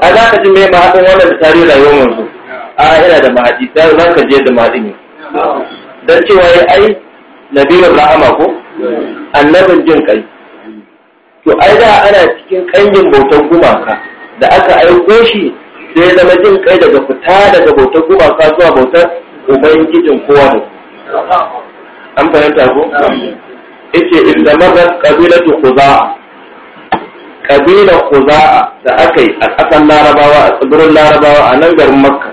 a za ka ji mai mahaɗin wannan da tarihi rayuwar manzo a yana da mahaɗi za ka je da mahaɗi ne don cewa ya ai nabiyar rahama ko annabin jin kai to ai da ana cikin ƙangin bautar gumaka da aka aiko shi sai zama jin kai daga fita daga bautar gumaka zuwa bautar ubangijin kowa da an fahimta ko yace inda ƙabilatu kabilatu za'a. ƙabilar kuza'a da aka yi a ƙasan larabawa a tsibirin larabawa a nan garin makka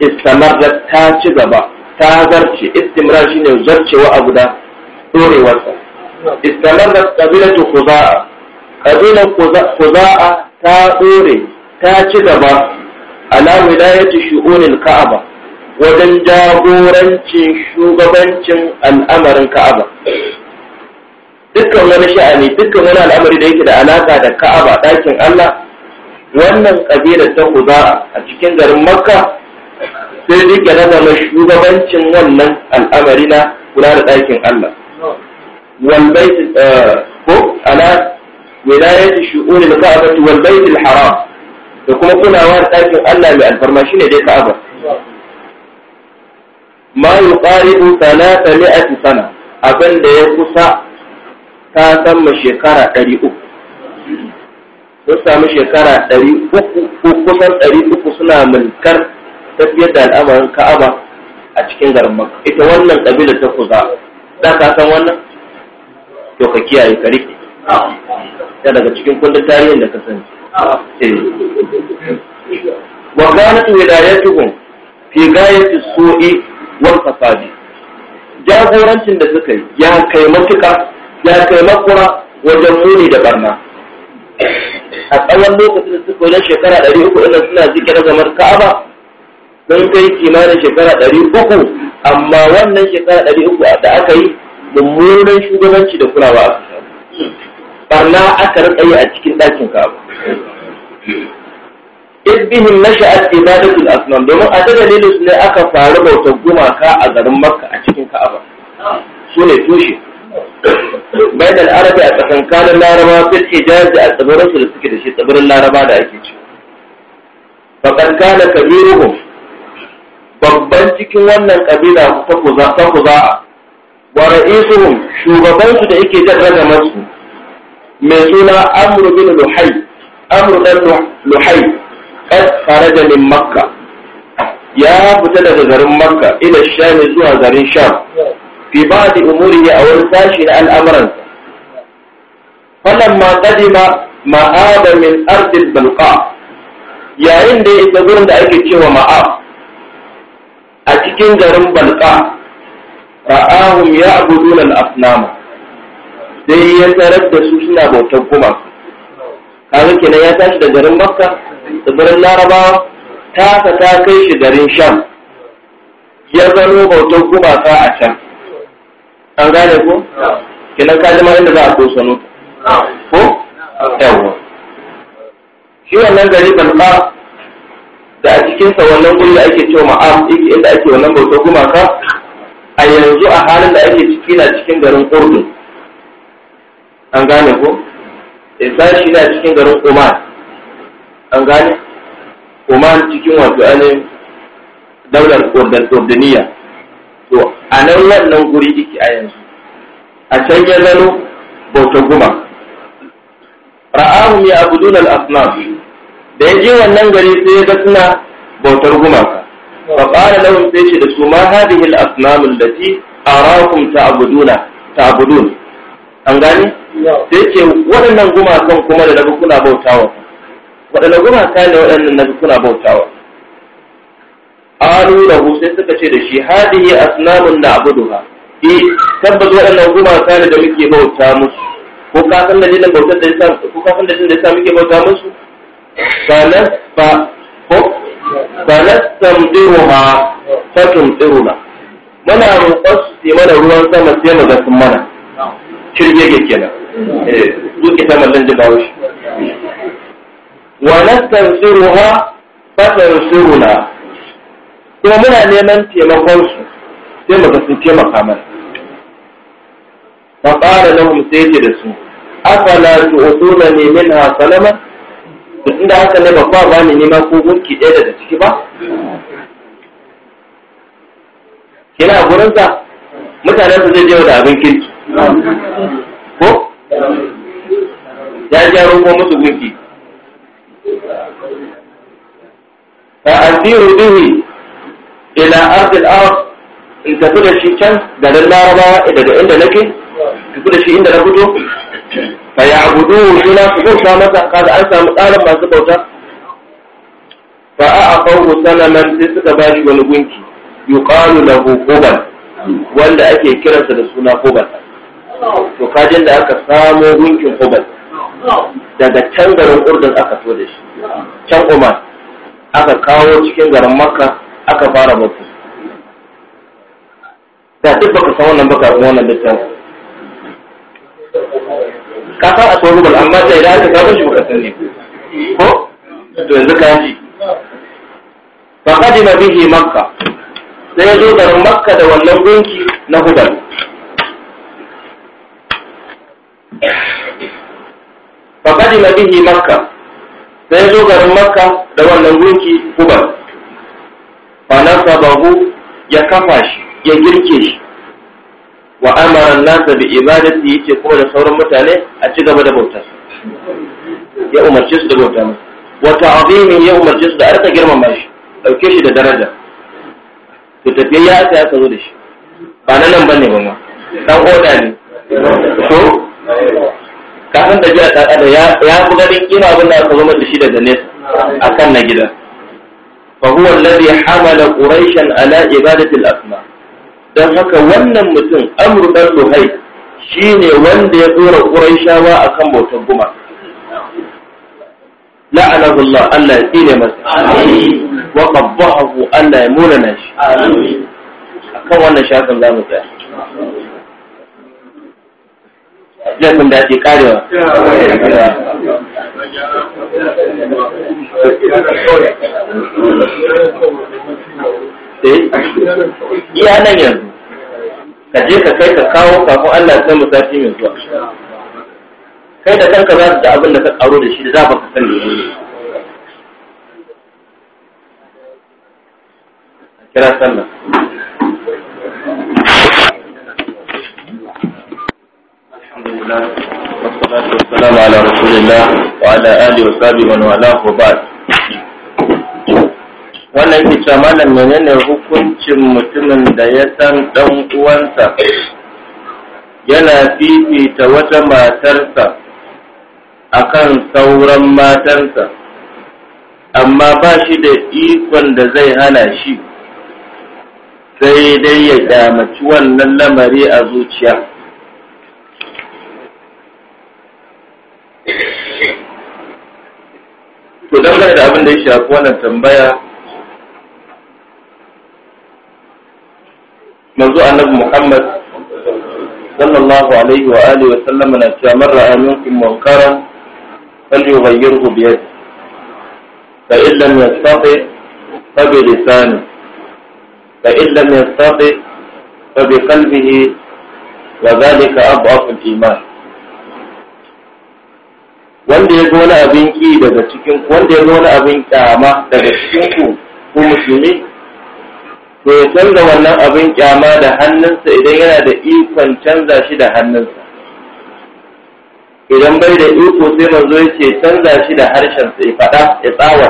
istamar da ta ci gaba ta zarce istimra shi ne zarcewa a guda ɗorewarsa istamar da ƙabilar kuza'a ƙabilar kuza'a ta ɗore ta ci gaba ala wilayati shu'unil ka'aba wajen jagorancin shugabancin al'amarin ka'aba dukkan wani sha'ani dukkan wani al'amari da yake da alaka da ka'aba ɗakin Allah wannan kabilar ta kuza a cikin garin makka sai rike na zama shugabancin wannan al'amari na kula da ɗakin Allah walbai eh, ko ala wilayati shu'unil ka'aba wal baitil haram da kuma kulawa da ɗakin Allah mai alfarma ne dai ka'aba ma yuqaribu 300 sana abin da ya kusa ta san mu shekara ɗari uku sun samu shekara ɗari uku ko kusan ɗari uku suna mulkar tafiyar da al'amarin ka'aba a cikin garin makka ita wannan ƙabila ta kuza za ka san wannan to ka kiyaye ka rike ta daga cikin kundin tarihin da ka sani eh. wa kanat wilayatuhum fi ghayati so'i wal fasadi jagorancin da suka yi ya kai matuka ya kai makura wajen muni da barna a tsawon lokacin da suka wajen shekara ɗari uku inda suna zikirar gamar ka'aba sun kai kimanin shekara ɗari uku amma wannan shekara ɗari uku da aka yi mummunan shugabanci da kulawa a barna aka rika yi a cikin ɗakin ka'aba izbihin nasha'at ibadatul asnam domin a daga su ne aka faru bautar gumaka a garin makka a cikin ka'aba su ne tushe bayan al'arabi a tsakankanin laraba fil hijaz a tsibirin su da suke da shi tsibirin laraba da ake ci faƙar kana kabiruhum babban cikin wannan kabila ta kuza'a wa ra'isuhum shugabansu da yake jan masu mai suna amru bin luhai amru dan luhai qad faraja min makka ya fita daga garin makka ila sham zuwa garin sham fi ba'di ne a wani sashi na al'amuransa. falamma qadima ma'aba min ardil balqa yayin da ya isa gurin da ake cewa ma'ab a cikin garin balqa ra'ahum ya'buduna al-asnama sai ya tarar da su suna bautar gumaka kaga kenan ya tashi da garin makka da garin larabawa ta ta kai shi garin sham ya gano bautar gumaka a can an gane ko kenan ka zama inda za a tosano ko yawa shi wannan gari ba da a cikinsa wannan guri da ake cewa ma'am yake inda ake wannan kuma ka a yanzu a halin da ake ciki na cikin garin urdun an gane ko eh, shi na cikin garin oman an gane oman cikin wato ainihin daular urdaniya to a nan wannan guri iki a yanzu a can ya zano bauta guma ra'ahum ya abudun al-asnaf da yaje wannan gari sai ya ga suna bautar gumaka fa qala lahum sai ce da su ma hadhihi al-asnam allati arakum ta'buduna ta'budun an gani sai ce waɗannan gumakan kuma da nabi kuna bautawa waɗannan gumaka ne waɗannan nabi kuna bautawa qalu lahu sai suka ce da shi hadihi asnamun na'buduha eh tabbas waɗannan gumaka ne da muke bauta musu ko ka san da dinin bautar da yasa ko ka san da dinin da yasa muke bauta musu ba ba ko ba nas tamdiruha fa tumdiruna muna roƙon su sai mana ruwan sama sai mu ga sun mana shirye ke kenan eh duke sama zan da bawo shi wa nas tamdiruha fa kuma muna neman taimakon su sai muka sun taimaka mana fa qala lahum sai ce da su afala tu'tuna ni minha salama to inda haka ne ba kwa ba ni nema ko gurki ɗaya daga ciki ba kina gurin sa mutanen su zai je da abin kirki ko ya ji ko musu gurki fa asiru bihi ila ardil arab in tafi da shi can garin larabawa daga inda nake tafi da shi inda na fito fa ya abudu suna su bauta masa kaza an samu tsarin masu bauta fa a akawu sanaman sai suka ba shi wani gunki yuqalu lahu qubal wanda ake kiransa da suna qubal to kajin da aka samo gunkin qubal daga can garin urdun aka so da shi can umar aka kawo cikin garin makka aka fara batu da duk baka san wannan baka kuma wannan littafi. ka san a tsoron amma da idan aka kawo shi baka sani ko to yanzu ka ji fa qadima bihi makka sai zo garin makka da wannan gunki na hudal fa qadima bihi makka sai zo garin makka da wannan gunki hudal sababu ya kafa shi ya girke shi wa amara nasa bi ibadati yace kuma da sauran mutane a ci gaba da bauta, ya umarce su da bauta masa wa ta'zimi ya umarce su da arka girmama shi dauke shi da daraja to tafiya ya aka aka zo da shi ba na nan bane ba ma dan oda ne to kafin da jiya da ya ya buga din ina abin da aka zama da shi daga nesa akan na gida فهو الذي حمل قريشا على عبادة الأسماء dan haka wannan mutum amru dan luhai shine wanda ya dora quraishawa akan bautar guma la'anahu Allah Allah ya tsine masa amin wa Allah ya shi wannan shafin zamu tsaya laifin da ake karewa eh, iya nan yanzu ka je ka kai ka kawo kafin Allah sai musafi mai zuwa kai da kanka za su da abin da ka karo da shi da za ba ka sani ne kira sallah الله والصلاة والسلام على رسول الله وعلى آله وصحبه ومن والاه وبعد wannan ke mana menene hukuncin mutumin da ya san ɗan'uwansa? uwansa yana fifita wata matarsa akan sauran matansa amma ba shi da ikon da zai hana shi sai dai ya damaci wannan lamari a zuciya to dangane da abin da ya shafi wannan tambaya manzo annabi Muhammad sallallahu alaihi wa alihi wa sallam na cewa man ra'a minkum munkaran falyughayyirhu bi yadi fa in lam yastati fa bi lisani fa in lam yastati fa bi qalbihi wa dhalika adhafu al-iman wanda ya zo wani abin ki daga cikin wanda ya zo wani abin kyama daga cikin ku ku musulmi to ya canza wannan abin kyama da hannunsa idan yana da ikon canza shi da hannunsa idan bai da iko sai manzo ya ce canza shi da harshen ya faɗa ya tsawa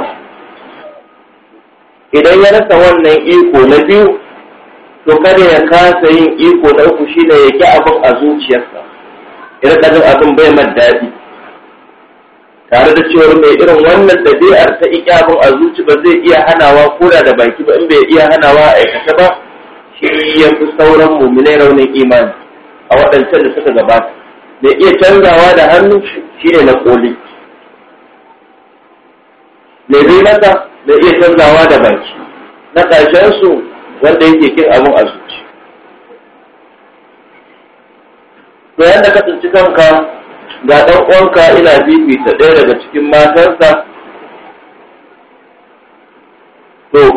idan ya rasa wannan iko na biyu to kada ya kasa yin iko na uku shine ya ki abin a zuciyarsa ya rika jin abin bai man daɗi tare da cewar mai irin wannan ɗabi'ar ta ikyabun a zuci ba zai iya hanawa koda da baki ba in bai iya hanawa a aikata ba shi ya fi sauran muminai raunin imani a waɗancan da suka gabata mai iya canzawa da hannu shi ne na koli mai zai mata mai iya canzawa da baki na ƙarshen su wanda yake kin abin a zuci to yadda ka tsinci kanka ga ɗan uwanka ina ta ɗaya daga cikin matansa to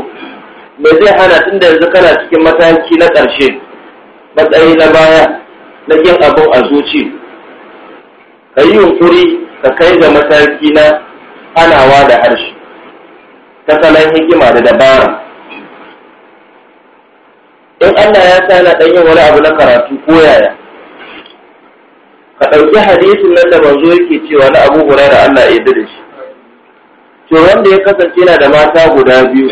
me zai hana tun da yanzu kana cikin mataki na ƙarshe matsayi na baya na yin abin a zuci ka yi yunƙuri ka kai ga mataki na hanawa da harshe ta salon hikima da dabara in Allah ya sa na ɗan yin wani abu na karatu ko yaya ka ɗauki hadisin nan da manzo yake cewa na abu da Allah ya yarda shi to wanda ya kasance yana da mata guda biyu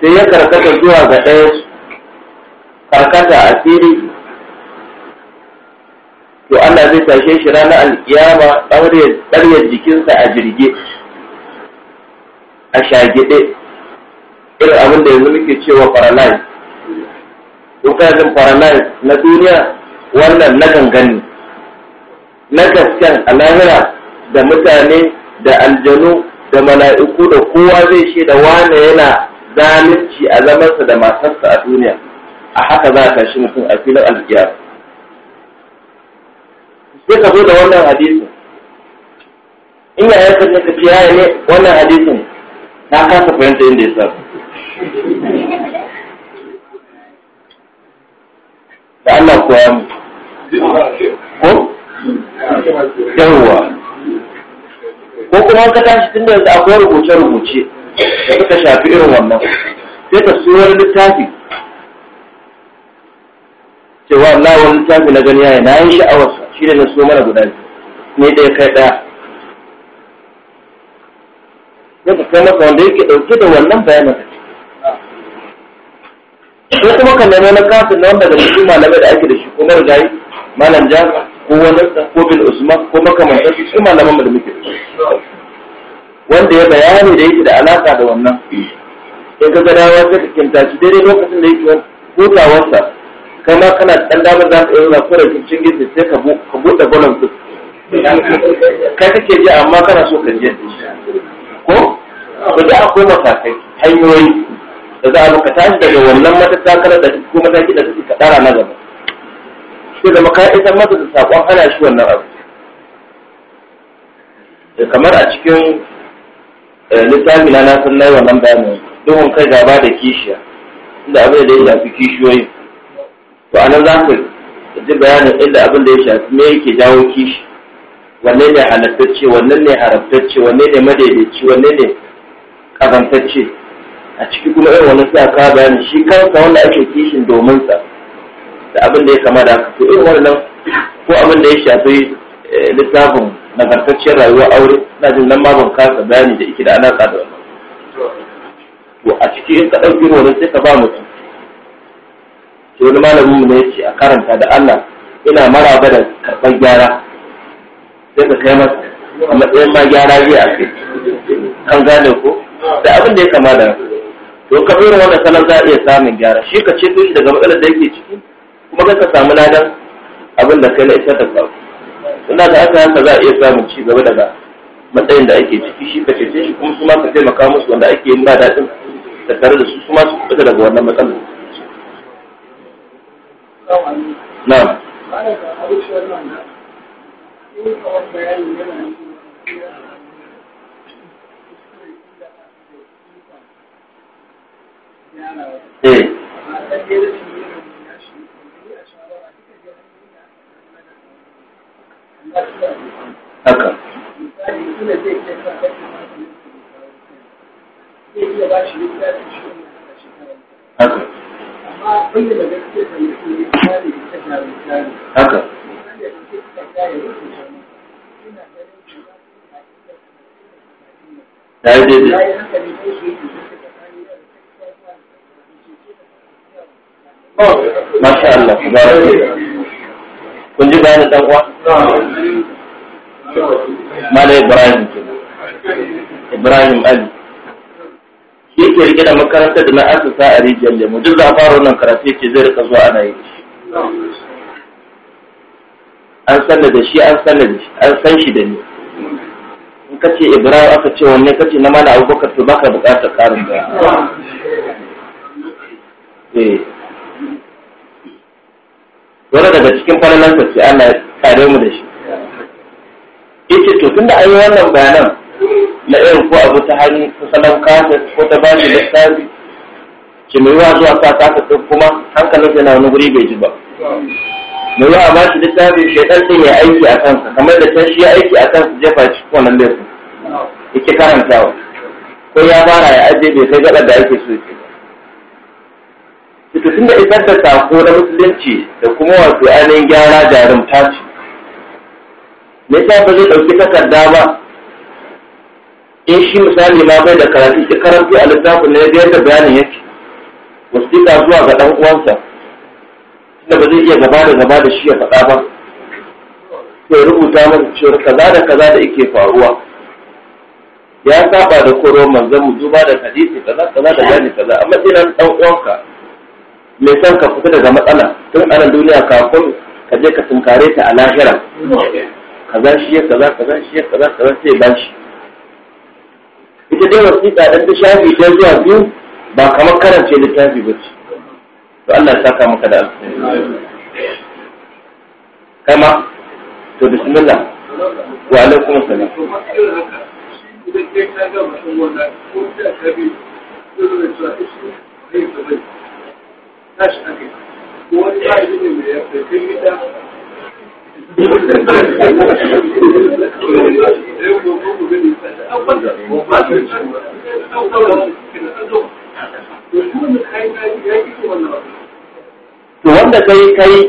sai ya karkata zuwa ga ɗaya karkata a fili to Allah zai tashe shi ranar alkiyama ɗaryar jikinsa a jirge a shagide irin abin da yanzu muke cewa paralyze ko kayan jin paralyze na duniya wannan na gangan ne na gasken a lahira da mutane da aljanu da mala'iku da kowa zai shaida wane yana zalunci a zamansa da matarsa a duniya a haka za ka shi mutum a filin alkiyar sai ka zo da wannan hadisin ina ya yarka ne ka ce yaya ne wannan hadisin na kasa fahimta inda ya sa da Allah kuwa mu ko yawwa ko kuma ka tashi tun da yanzu akwai rubuce-rubuce da suka shafi irin wannan sai ka siyo wani littafi cewa na wani littafi na gani yayi na yi sha'awarsa shi ne na so mana guda ne ɗaya kai ɗaya ya ka kai masa wanda yake ɗauke da wannan bayanin ko kuma ka nemi na kafin na wanda da mutum malamai da ake da shi ko marigayi malam jami'a ko wani ko usman ko makamantar su malaman da muke wanda ya bayani da yake da alaka da wannan ya ga gadawa sai ka kinta shi daidai lokacin da yake hutawarsa kama kana ɗan damar za ka yi wani kura kincin gefe sai ka buɗe gwanon su kai kake ji amma kana so ka je ko ba da akwai matakai hanyoyi da za a ka tashi daga wannan matattakar da ko mataki da suke ka ɗara na gaba sai zama ka isar masa da saƙon hana shi wannan abu kamar a cikin eh, littafi na nasan na wannan bayanin duhun kai gaba da kishiya inda abin da ya shafi kishiyoyi to anan za ka ji bayanin inda abin da ya shafi me yake jawo kishi wanne ne halattacce wanne ne haramtacce wanne ne madaidaici wanne ne kazantacce a ciki kuma irin wani sai kawo bayanin shi kansa wanda ake kishin domin sa da abin da ya kama da to irin wannan ko abin da ya shafi eh, littafin nagartacciyar rayuwa aure na jin nan ma ban kasa bayani da yake da alaƙa da wannan to a ciki in ka ɗauki wani sai ka ba mutum to wani malamin mu ne yace a karanta da Allah ina maraba da karɓar gyara sai ka kai masa a matsayin ma gyara zai a kai kan gane ko da abin da ya kama da to ka irin wannan sanar za a iya samun gyara shi ka ce daga matsalar da yake ciki kuma kan ka samu ladan abin da kai na isar da sako ina da aka haka za a iya samun ci gaba daga matsayin da ake ciki shi ka cece shi kuma su ma ka taimaka musu wanda ake yin ba daɗin da tare da su su su fita daga wannan matsalar. Na. Eh. haka haka haka ya yi daidai masha Allah kun ji bayanin dan uwa mala ibrahim ibrahim ali shi yake rike da makarantar da na asusa a rijiyar lemu duk da fara wannan karatu yake zai rika zuwa ana yi an sanda da shi an sanda da shi an san shi da ni in ka ce ibrahim aka ce wanne ka ce na mala abubakar to baka bukatar karin da wani daga cikin falalansa sai Allah ya kare mu da shi yace to tunda an yi wannan bayanan na irin ko abu ta hali ko salon kasa ko ta ba shi lissafi ki mai yiwa zuwa sa ta ɗin kuma hankalin na wani guri bai ji ba mai yawa ba shi lissafi shaidan din ya aiki a kansa kamar da can shi ya aiki a kansa jefa shi wannan laifin yake karantawa ko ya fara ya ajiye bai kai gaba da yake so ita da isar da sako na musulunci da kuma wasu ainihin gyara jarumta ce me yasa ba zai ɗauki takarda ba in shi misali ma bai da karatu ki karatu a littafin ne da yadda bayanin yake wasiƙa zuwa ga ɗan uwansa tunda ba zai iya gaba da gaba da shi ya faɗa ba sai rubuta masa cewa kaza da kaza da yake faruwa ya saba da koro manzon mu duba da hadisi kaza kaza da gani kaza amma ina ɗan uwanka mai son ka fita daga matsala tun anan duniya kafin ka je ka tunkare ta a lahira za shi ya ka za shi ya kaza kaza sai ba shi ita dai wasiƙa dan ta shafi ta zuwa biyu ba kamar karance littafi ba ce to Allah ya saka maka da kama to bismillah wa alaikum assalam Thank you. to wanda kai kai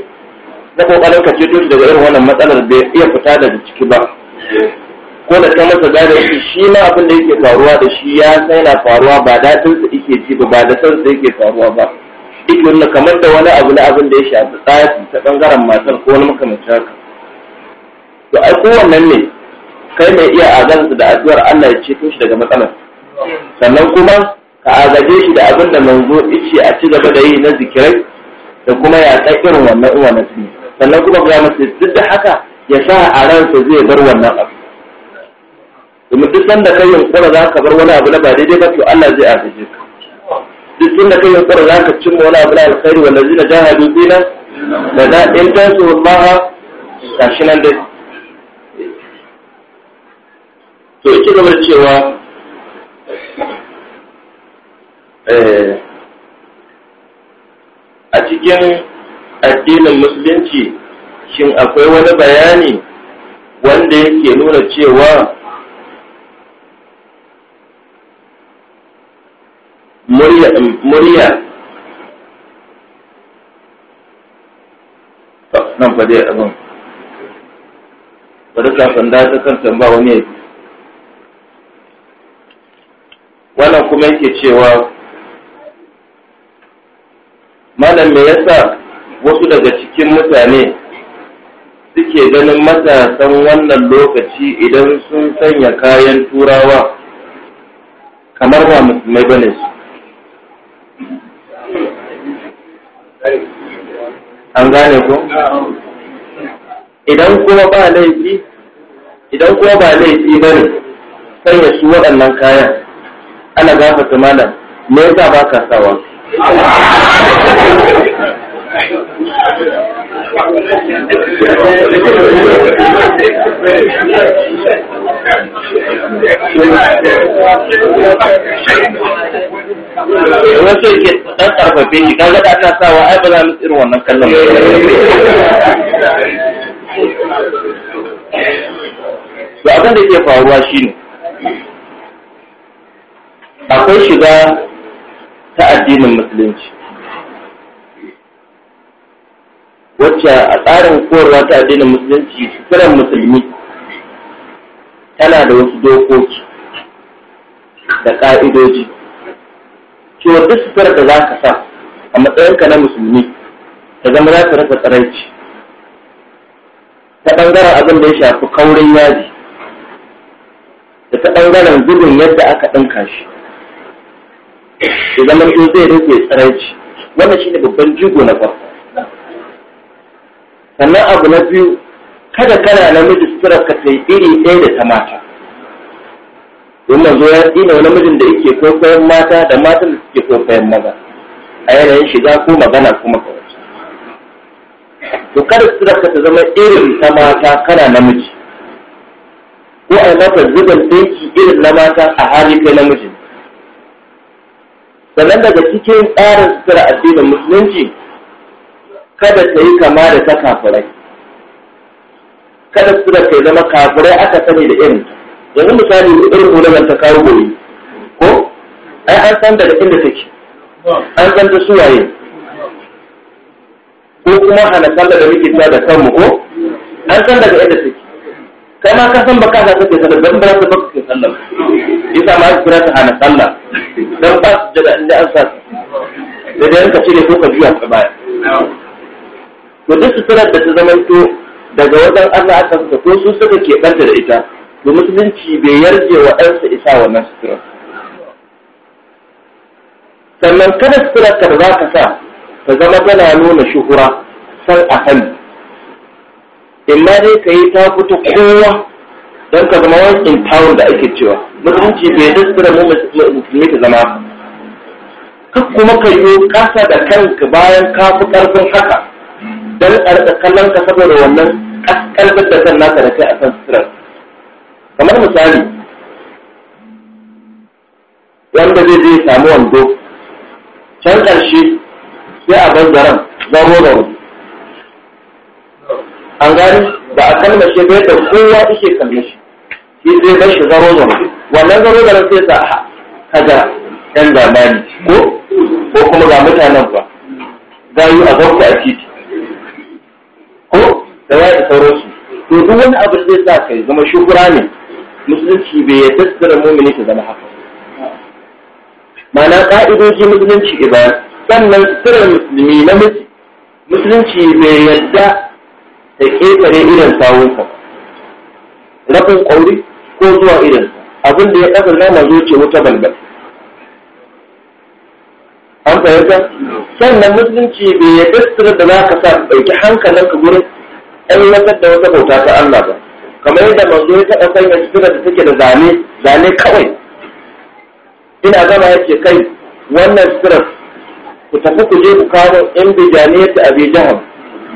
na kokarin ka ceto daga irin wannan matsalar da iya fita daga ciki ba ko da ta masa da yake shi ma abin da yake faruwa da shi ya sai na faruwa ba da san yake ji ba ba da san yake faruwa ba duk kamar da wani abu na abin da ya shafi tsafi ta bangaren matar ko wani makamancin haka to ai wannan ne kai mai iya azanta da addu'ar Allah ya ceto shi daga matsalar sannan kuma ka azaje shi da abin da manzo ice a ci gaba da yi na zikirai da kuma ya kai irin wannan uwa na tuni sannan kuma ga masa duk da haka ya sa a ransa zai bar wannan abu domin duk sanda kai yunkura za ka bar wani abu na ba daidai ba to Allah zai azaje ka duk inda kai ya za ka cimma wani abu na alkhairi wanda zina jahadu fina da za in tansu wallaha gashi nan dai to yake gaba cewa eh, a cikin addinin musulunci shin akwai wani bayani wanda yake nuna cewa murya nan fa dai abin bari kafin da ta kan ba wani wannan kuma yake cewa malam me yasa wasu daga cikin mutane suke ganin matasan wannan lokaci idan sun sanya kayan turawa kamar ba musulmai bane su an gane ko idan kuma ba laifi idan kuma ba laifi ba ne sai ya su waɗannan kayan ana gafata malam me yasa ba ka sawa wasu ke dan karfafe shi kaga da ana sawa ai ba za mu irin wannan kallon to abin da ke faruwa shine akwai shiga ta addinin musulunci wacce a tsarin koyarwa ta addinin musulunci kiran musulmi tana da wasu dokoki da ƙa'idoji cewa duk da za ka sa a matsayinka na musulmi ta zama za ta rasa tsaraici ta ɓangaren abin da ya shafi kaurin yaji da ta ɓangaren gudun yadda aka ɗinka shi Da zama to zai rufe tsaraici wannan ne babban jigo na farko sannan abu na biyu kada kana namiji suturar ka ta iri ɗaya da ta mata don zo ya tsina wani mijin da yake kwaikwayon mata da matan da suke kwaikwayon maza a yanayin shiga ko magana ko makawarci to kada suturarka ta zama irin ta mata kana namiji ko a mata zuban ɗinki irin na mata a hali kai namiji sannan daga cikin tsarin sutura addinin musulunci kada ta yi kama da ta kafirai kada sutura ta zama kafirai aka sani da irin ta yanzu misali irin ko ta kawo goyi ko ai an san daga inda take an san ta suwaye ko kuma hana san daga muke ta da kanmu ko an san daga inda take kai ma ka san baka ta ke, sallah don ba ta baka ke sallah yasa ma ka kira ta hana sallah don ba su daga inda an sa da da yanka cire ko ka biya ka baya to duk suturar da ta zamanto daga wajen Allah aka ko su suka ke banta da ita da musulunci bai yarje wa ɗansa isa wa nan sutura sannan kada sutura ka za ka sa ta zama tana nuna shuhura san a kan Illa dai ka yi ta fito kowa don ka zama wani in town da ake cewa musulunci bai yarda sutura mu musulmi ta zama ka kuma ka yi ƙasa da kanka bayan ka fi ƙarfin haka don a kallon ka saboda wannan ƙalbar da kan naka da kai a kan sutura. kamar misali wanda zai je samu wando can ƙarshe sai a bazzaran zaro da wani an gani da a kalmashe bai da kowa yake kalmashe shi zai bar shi zaro da wani wannan zaro da sai sa kaga yan zamani ko ko kuma ga mutanen ba yi a gwamnati a titi ko da ya isa rosu to duk wani abu zai sa kai zama shugura ne musulunci bai yarda sirrin mumini ta zama haka ma'ana ka'idoji musulunci idan sannan sirrin musulmi na musulunci bai yarda da ƙetare irin sawunsa rabin ƙauri ko zuwa irin abin da ya ɗaga nama zuce wuta balbal an fahimta sannan musulunci bai yarda sirrin da za ka sa ɗauki hankalinka gurin aiwatar da wata bauta ta Allah ba kamar yadda manzo ya taɓa sanya jikinsa da take da zane zane kawai ina zama yake kai wannan sutura ku tafi ku je ku kawo in bijani ta abi jaham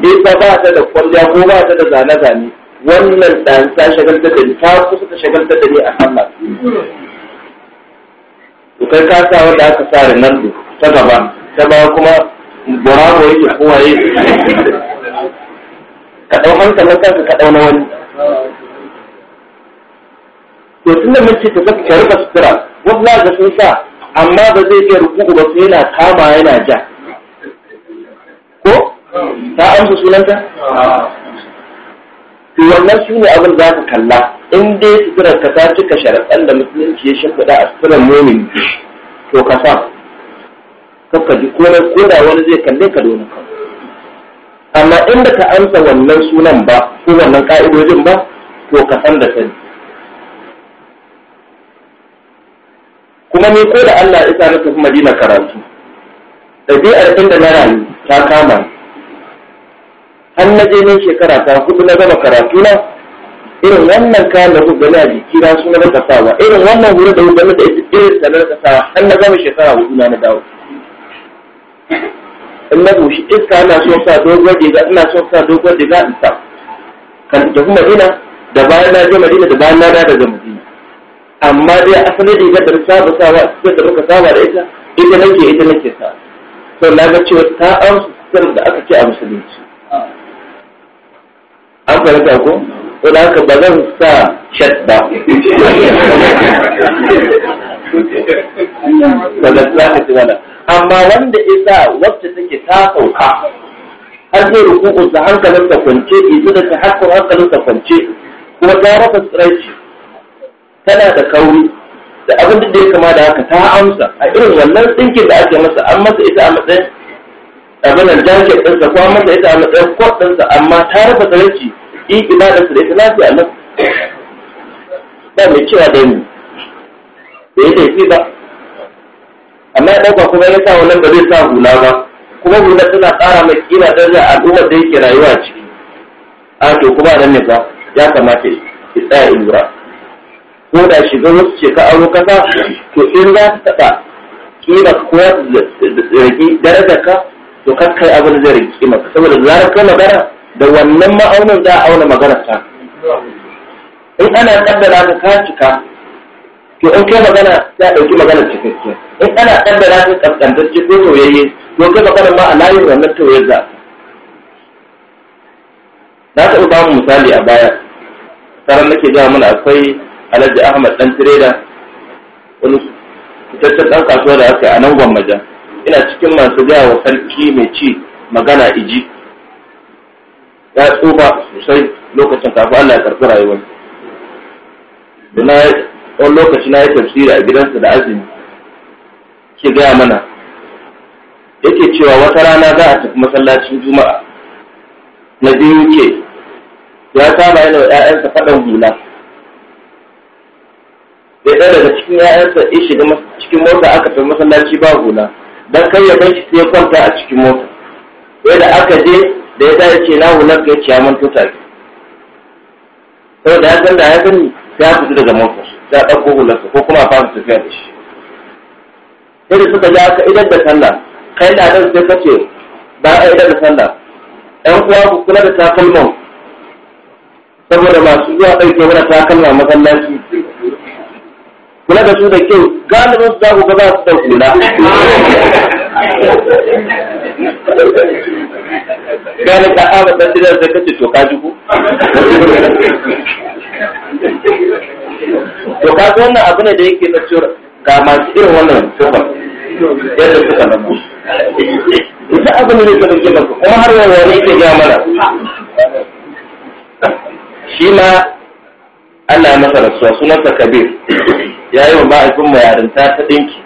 bai ba ta da kwalliya ko ba ta da zane zane wannan dan ta shagalta da ni, ta kusa ta shagalta da ni a sallah Ku kai ka sa wanda aka sa nan ta gaba ta ba kuma Bravo yake kowaye ka dau hankalin kanka ka dau na wani to tunda mace ta saka ka rufe sutura wasu za sun sa amma ba zai iya rukuku ba sai yana kama yana ja ko ta amsa sunanta to wannan su ne abin za ka kalla in dai suturar ka ta cika sharadan da musulunci ya shimfiɗa a suturan momin to ka sa kakka ji ko da wani zai kalle ka da amma inda ka amsa wannan sunan ba ko wannan ka'idojin ba to ka san da sani kuma ni ko da Allah ya na tafi Madina karatu ɗabi'ar inda na rayu ta kama har na je ne shekara ta hudu na gama karatu na irin wannan kayan da ku gani a jiki na suna na kasawa irin wannan hura da ku gani da irin da kasawa har na gama shekara hudu na na dawo in na bushi iska ina so sa dogon riga ina so sa dogon riga in sa kan tafi ina da bayan na je madina da bayan na da daga madina amma dai asalin riga da saba sawa sai da muka saba da ita ita nake ita nake sa to na ga cewa ta an sun da aka ce a musulunci an fahimta ko to da haka ba zan sa shat ba ba za ka ci mana amma wanda isa wacce take ta sauka har zai ruku'u da ta kwance izu da ta hankalin ta kwance kuma ta rasa tsiraici tana da kauri da abin da ya kama da haka ta amsa a irin wannan tsinkin da ake masa an masa ita a matsayin abin da jaket ɗinsa kuma masa ita a matsayin kwat ɗinsa amma ta rasa tsiraici ibada su da ita lafiya a nan ba mai cewa da ni da ya ba amma ya ɗauka kuma ya sa wannan ba zai sa hula ba kuma hula tana ƙara mai kima daraja al'ummar da yake rayuwa ciki a to kuma nan ne ba ya kamata ki tsaya in lura ko da shiga wasu ce ka aro kasa to in za ta taɓa kima ko ya rage daraja ka to kan kai abin zai rage kima saboda zarar ka magana da wannan ma'aunin za a auna magana ta in ana kaddara ka cika to in kai magana za a ɗauki maganar cikakke. in ana kaddara su kaskantacce ko soyayye to kai da ma a layin wannan toyar za na taɓa ba mu misali a baya tsaron nake gaya mana akwai alhaji ahmad dan tireda wani fitaccen ɗan kasuwa da aka yi a nan gwammaja ina cikin masu gaya wa sarki mai ci magana iji ya tsufa sosai lokacin kafin allah ya karɓi rayuwar da na wani lokaci na yi tafsiri a gidansa da azumi ke gaya mana yake cewa wata rana za a tafi masallacin juma'a na biyu ke ya saba yana wa 'ya'yansa faɗan hula ya ɗaya daga cikin ya'yansa ya shiga cikin mota aka tafi masallaci ba hula dan kai ya bar shi sai ya kwanta a cikin mota sai da aka je da ya dace ce na hular ga ciyaman ciya manto take saboda ya san da ya sani sai ya fita daga motar sai ya ɗauko hularsa ko kuma a fara tafiya da shi sai da suka ja ka idan da sallah kai da nan sai kace ba a idan da sallah ɗan uwa ku kula da takalman saboda masu zuwa ɗauke mana takalma masallaci kula da su da kyau galibin za ku ga za su da kula gane ka aba da tilar da kace to ka jugu. to ka wannan abu ne da yake na cewa ga masu irin wannan sufar yadda suka nabu ita abin da suka ke nabu kuma har yau wani ke ya mana shi ma Allah ya masa rasuwa sunansa kabir ya yi wa ma'aikin mu yarinta ta ɗinki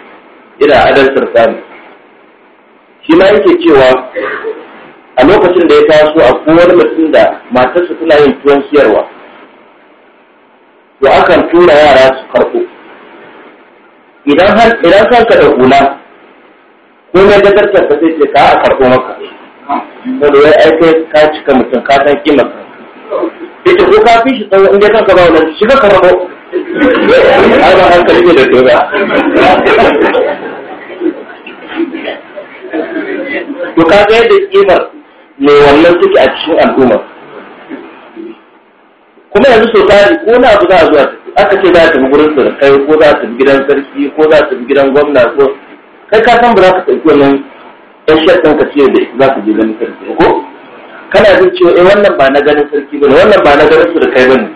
ina adal sirfani shi ma yake cewa a lokacin da ya taso a kowar mutum da matarsa tana yin tuwon siyarwa to akan tura yara su karɓo idan har idan san ka da hula ko ne da tattar ka sai ka a karbo maka saboda da ai kai ka cika mutum ka san kima ka ita ko ka fi shi tsawo inda ka ba wannan shiga ka karbo har ba hankali ne da tura to ka ga yadda kimar ne wannan take a cikin al'umma kuma yanzu sau tari ko na abu za a zuwa aka ce za ta bi gurin surukai ko za ta bi gidan sarki ko za ta bi gidan gwamna ko kai ka san ba za ka ɗauki wannan ɗan shaɗin ka ce da za ka je ganin sarki ko kana jin cewa eh wannan ba na ganin sarki ba ne wannan ba na ganin surukai ba ne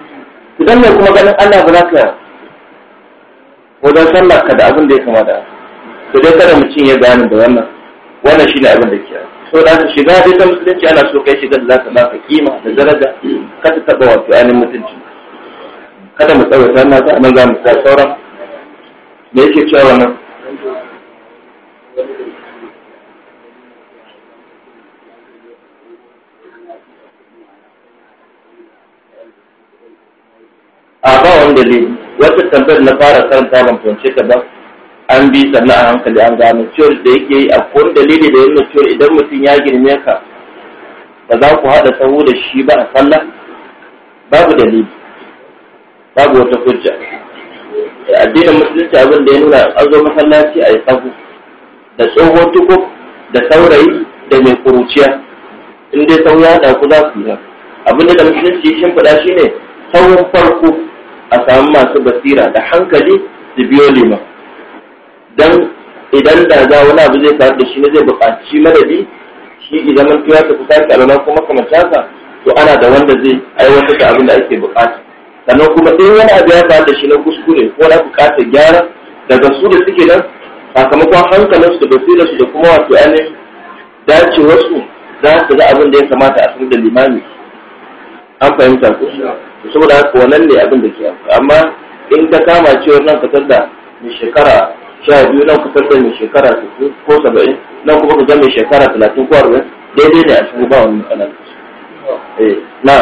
idan mai kuma ganin Allah ba za ka wajen sallah ka da abin da ya kama da to dai kada mutum ya gane da wannan wannan shi ne abin da ke so da shiga dai ta musulunci ana so kai shiga da za ka ba ka kima da daraja ka ta taɓa wato ainihin mutunci kada mu tsawaita ta nan nan za mu ta sauran me yake cewa nan a ba wanda ne wata tambayar na fara karanta ban fahimce ta ba an bi sannan a hankali an gano ciwon da yake yi a kowane dalili da yin ciwon idan mutum ya girme ka ba za ku haɗa sahu da shi ba a sallah babu dalili babu wata hujja addinin musulunci abin da ya nuna an zo masallaci a yi tsaho da tsohon tuko da saurayi da mai kuruciya in dai sau ya haɗa ku za su yi abin da musulunci ya shimfiɗa shi ne tsawon farko a samu masu basira da hankali su biyo lima don idan da za wani abu zai faru da shi ne zai buƙaci madadi shi idan tafi ta kusa ki kuma kamar makamancinsa to ana da wanda zai aiwatar da abin da ake buƙata sannan kuma in wani abu ya faru da shi na kuskure ko na bukatar gyara daga su da suke nan sakamakon hankalinsu da basirarsu da kuma wato ainihin dacewarsu za su ga abin da ya kamata a sanar da limami an fahimta ko saboda haka wannan ne abin da ke amma in ka kama cewar nan fitar da mai shekara sha biyu nan fitar da mai shekara ko saba'in nan kuma ka ga mai shekara talatin ko arba'in daidai ne a cikin ba wani matsala eh, na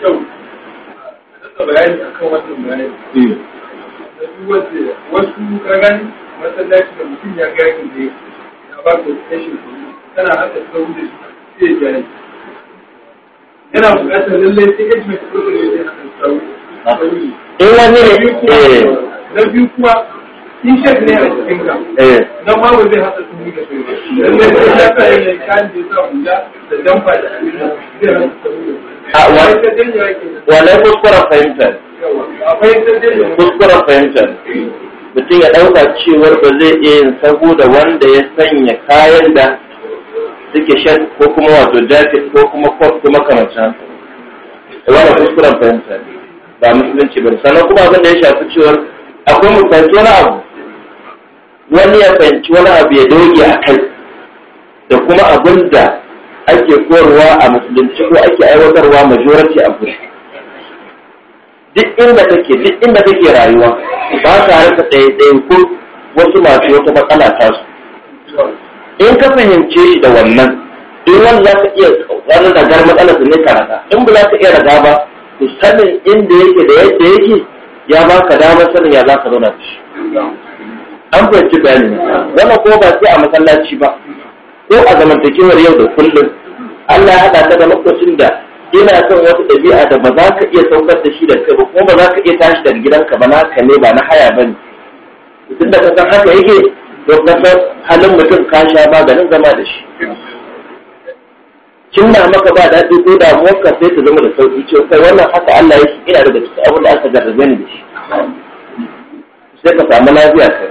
kyau bayani akan wannan bayani eh. da duk wasu kagan masallaci da mutum ya gani ne ya ba ka kashin kuɗi tana haka sau da shi sai ya yana buƙatar lallai sai ya mai kuɗi eh, ne zai haka sau in wani na biyu kuma eh. Eh. kuskuren fahimtar mutum ya ɗauka cewar ba zai iya yin saboda wanda ya sanya kayan da suke shan ko kuma wato jacket ko kuma kwaf ko makamancin wani kuskuren fahimtar ba musulunci ba sannan kuma abin da ya shafi cewar akwai mutanci na abu wani ya fahimci wani abu ya doge a kai da kuma abin da ake korowa a musulunci ko ake aiwatarwa majority a gudu duk inda kake duk inda kake rayuwa ba ka harka ɗaya ko wasu masu wata matsala ta su in ka fahimce shi da wannan in wani za ka iya wani ragar matsalar su ne ka in ba za ka iya raga ba ku sanin inda yake da yadda yake ya ba ka damar sanin ya za ka zauna da shi an fahimci bayani wannan kuma ba sai a masallaci ba ko a zamantakewar yau da kullum Allah ya haɗa ta da lokacin da ina son wata ɗabi'a da ba za ka iya saukar da shi da kai ba ko ba za ka iya tashi daga gidanka ba ka ne ba na haya ba ne tun da kasan haka yake to kasan halin mutum ka sha maganin zama da shi kin na maka ba daɗi ko damuwar ka sai ta zama da sauƙi ce kai wannan haka Allah ya ina daga cikin abin da aka gargaje ni da shi sai ka samu lafiya kai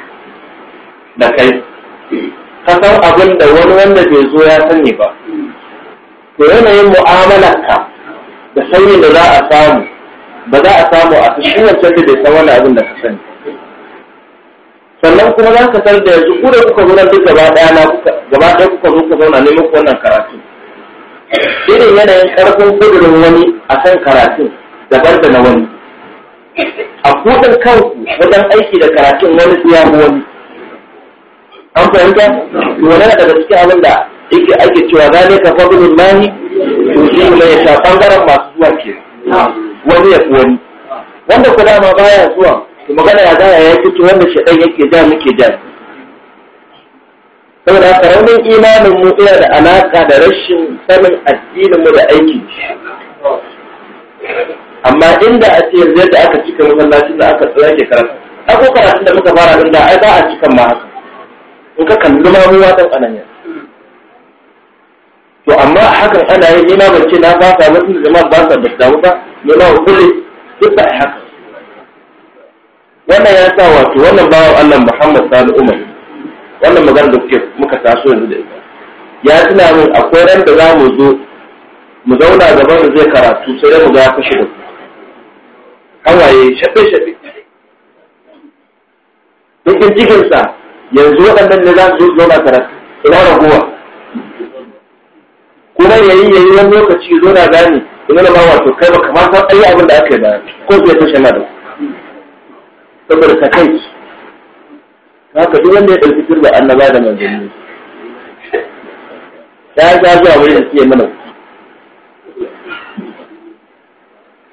da kai ka san abin da wani wanda bai zo ya sani ba to yanayin mu'amalarka da sauyin da za a samu ba za a samu a cikin wancan da bai san wani abin da ka sani sannan kuma za ka san da yanzu ku da kuka zo nan duk gaba ɗaya na gaba daya kuka zo ku zauna neman ku wannan karatu irin yanayin ƙarfin kudurin wani a kan karatun daban da na wani a kudin kanku wajen aiki da karatun wani tsiyamu wani an fahimta wani da daga cikin abin da yake ake cewa zane ka fadlul lahi to shi ne ya sha bangaren masu zuwa ke wani ya fi wani wanda ku ma baya zuwa to magana ya zaya ya fito wanda shaɗan yake ja muke ja saboda haka raunin imanin mu yana da alaƙa da rashin sanin addinin mu da aiki amma inda a ce yanzu yadda aka cika masallacin da aka tsaya ke karatu akwai karatun da muka fara din da ai ba a cikan ma haka in ka kalli ma mu watan anan to amma a hakan ana yin ni na bace na ba ta wasu jama'a ba ta da damu ba ne na kulle duk da haka wannan ya sa wato wannan bawan Allah Muhammad alaihi Umar wannan magana da kuke muka taso yanzu da ita ya tuna min akwai ran da za mu zo mu zauna gaban da zai karatu sai mu ga kashi da hawaye shafe shafe dukkan jikinsa. yanzu waɗannan ne za su zo zauna karatu ina raguwa kuma yayi yayi wani lokaci zo na gane ina ba wato kai ba kamar san ayi abin da aka yi da ko sai ta tashi da saboda ta kai haka duk wanda ya ɗauki turba annaba da manzanni ya ga zuwa wani da suke mana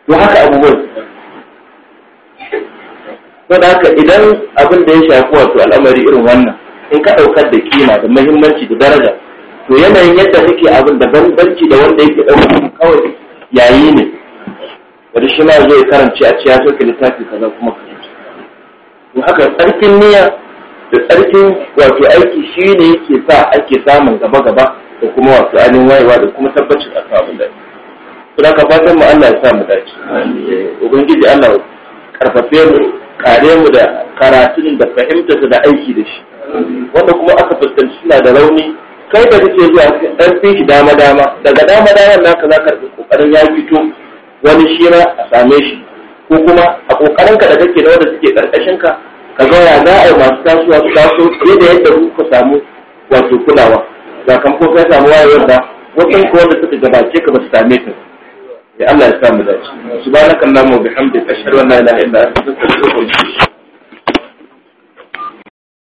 to haka abubuwan to da haka idan abin da ya shafi wato al'amari irin wannan in ka ɗaukar da kima da muhimmanci da daraja to yanayin yadda kake abin da bambanci da wanda yake ɗauki kawai yayi ne Wani shi ma zai karanci a ciya soke littafi kaza kuma karanci to haka tsarkin niyya da tsarkin wato aiki shi ne yake sa ake samun gaba gaba da kuma wato ainihin wayewa da kuma tabbacin a samun da to da ka fatan mu Allah ya sa mu dace ubangiji Allah karfafe mu kare mu da karatun da su da aiki da shi wanda kuma aka fuskanci suna da rauni kai da kake zuwa ɗan shi dama dama daga dama dama naka zaka ka kokarin ya fito wani shira a same shi ko kuma a kokarin ka da kake da wanda suke karkashin ka ka ga ya za a yi masu tasowa su taso fiye da yadda ku samu wato kulawa ko kai samu wayewar ba, wasu ko wanda suka gabace ka ba su same ta يا الله يسامحك سبحانك اللهم وبحمدك اشهد ان لا اله الا انت استغفرك واتوب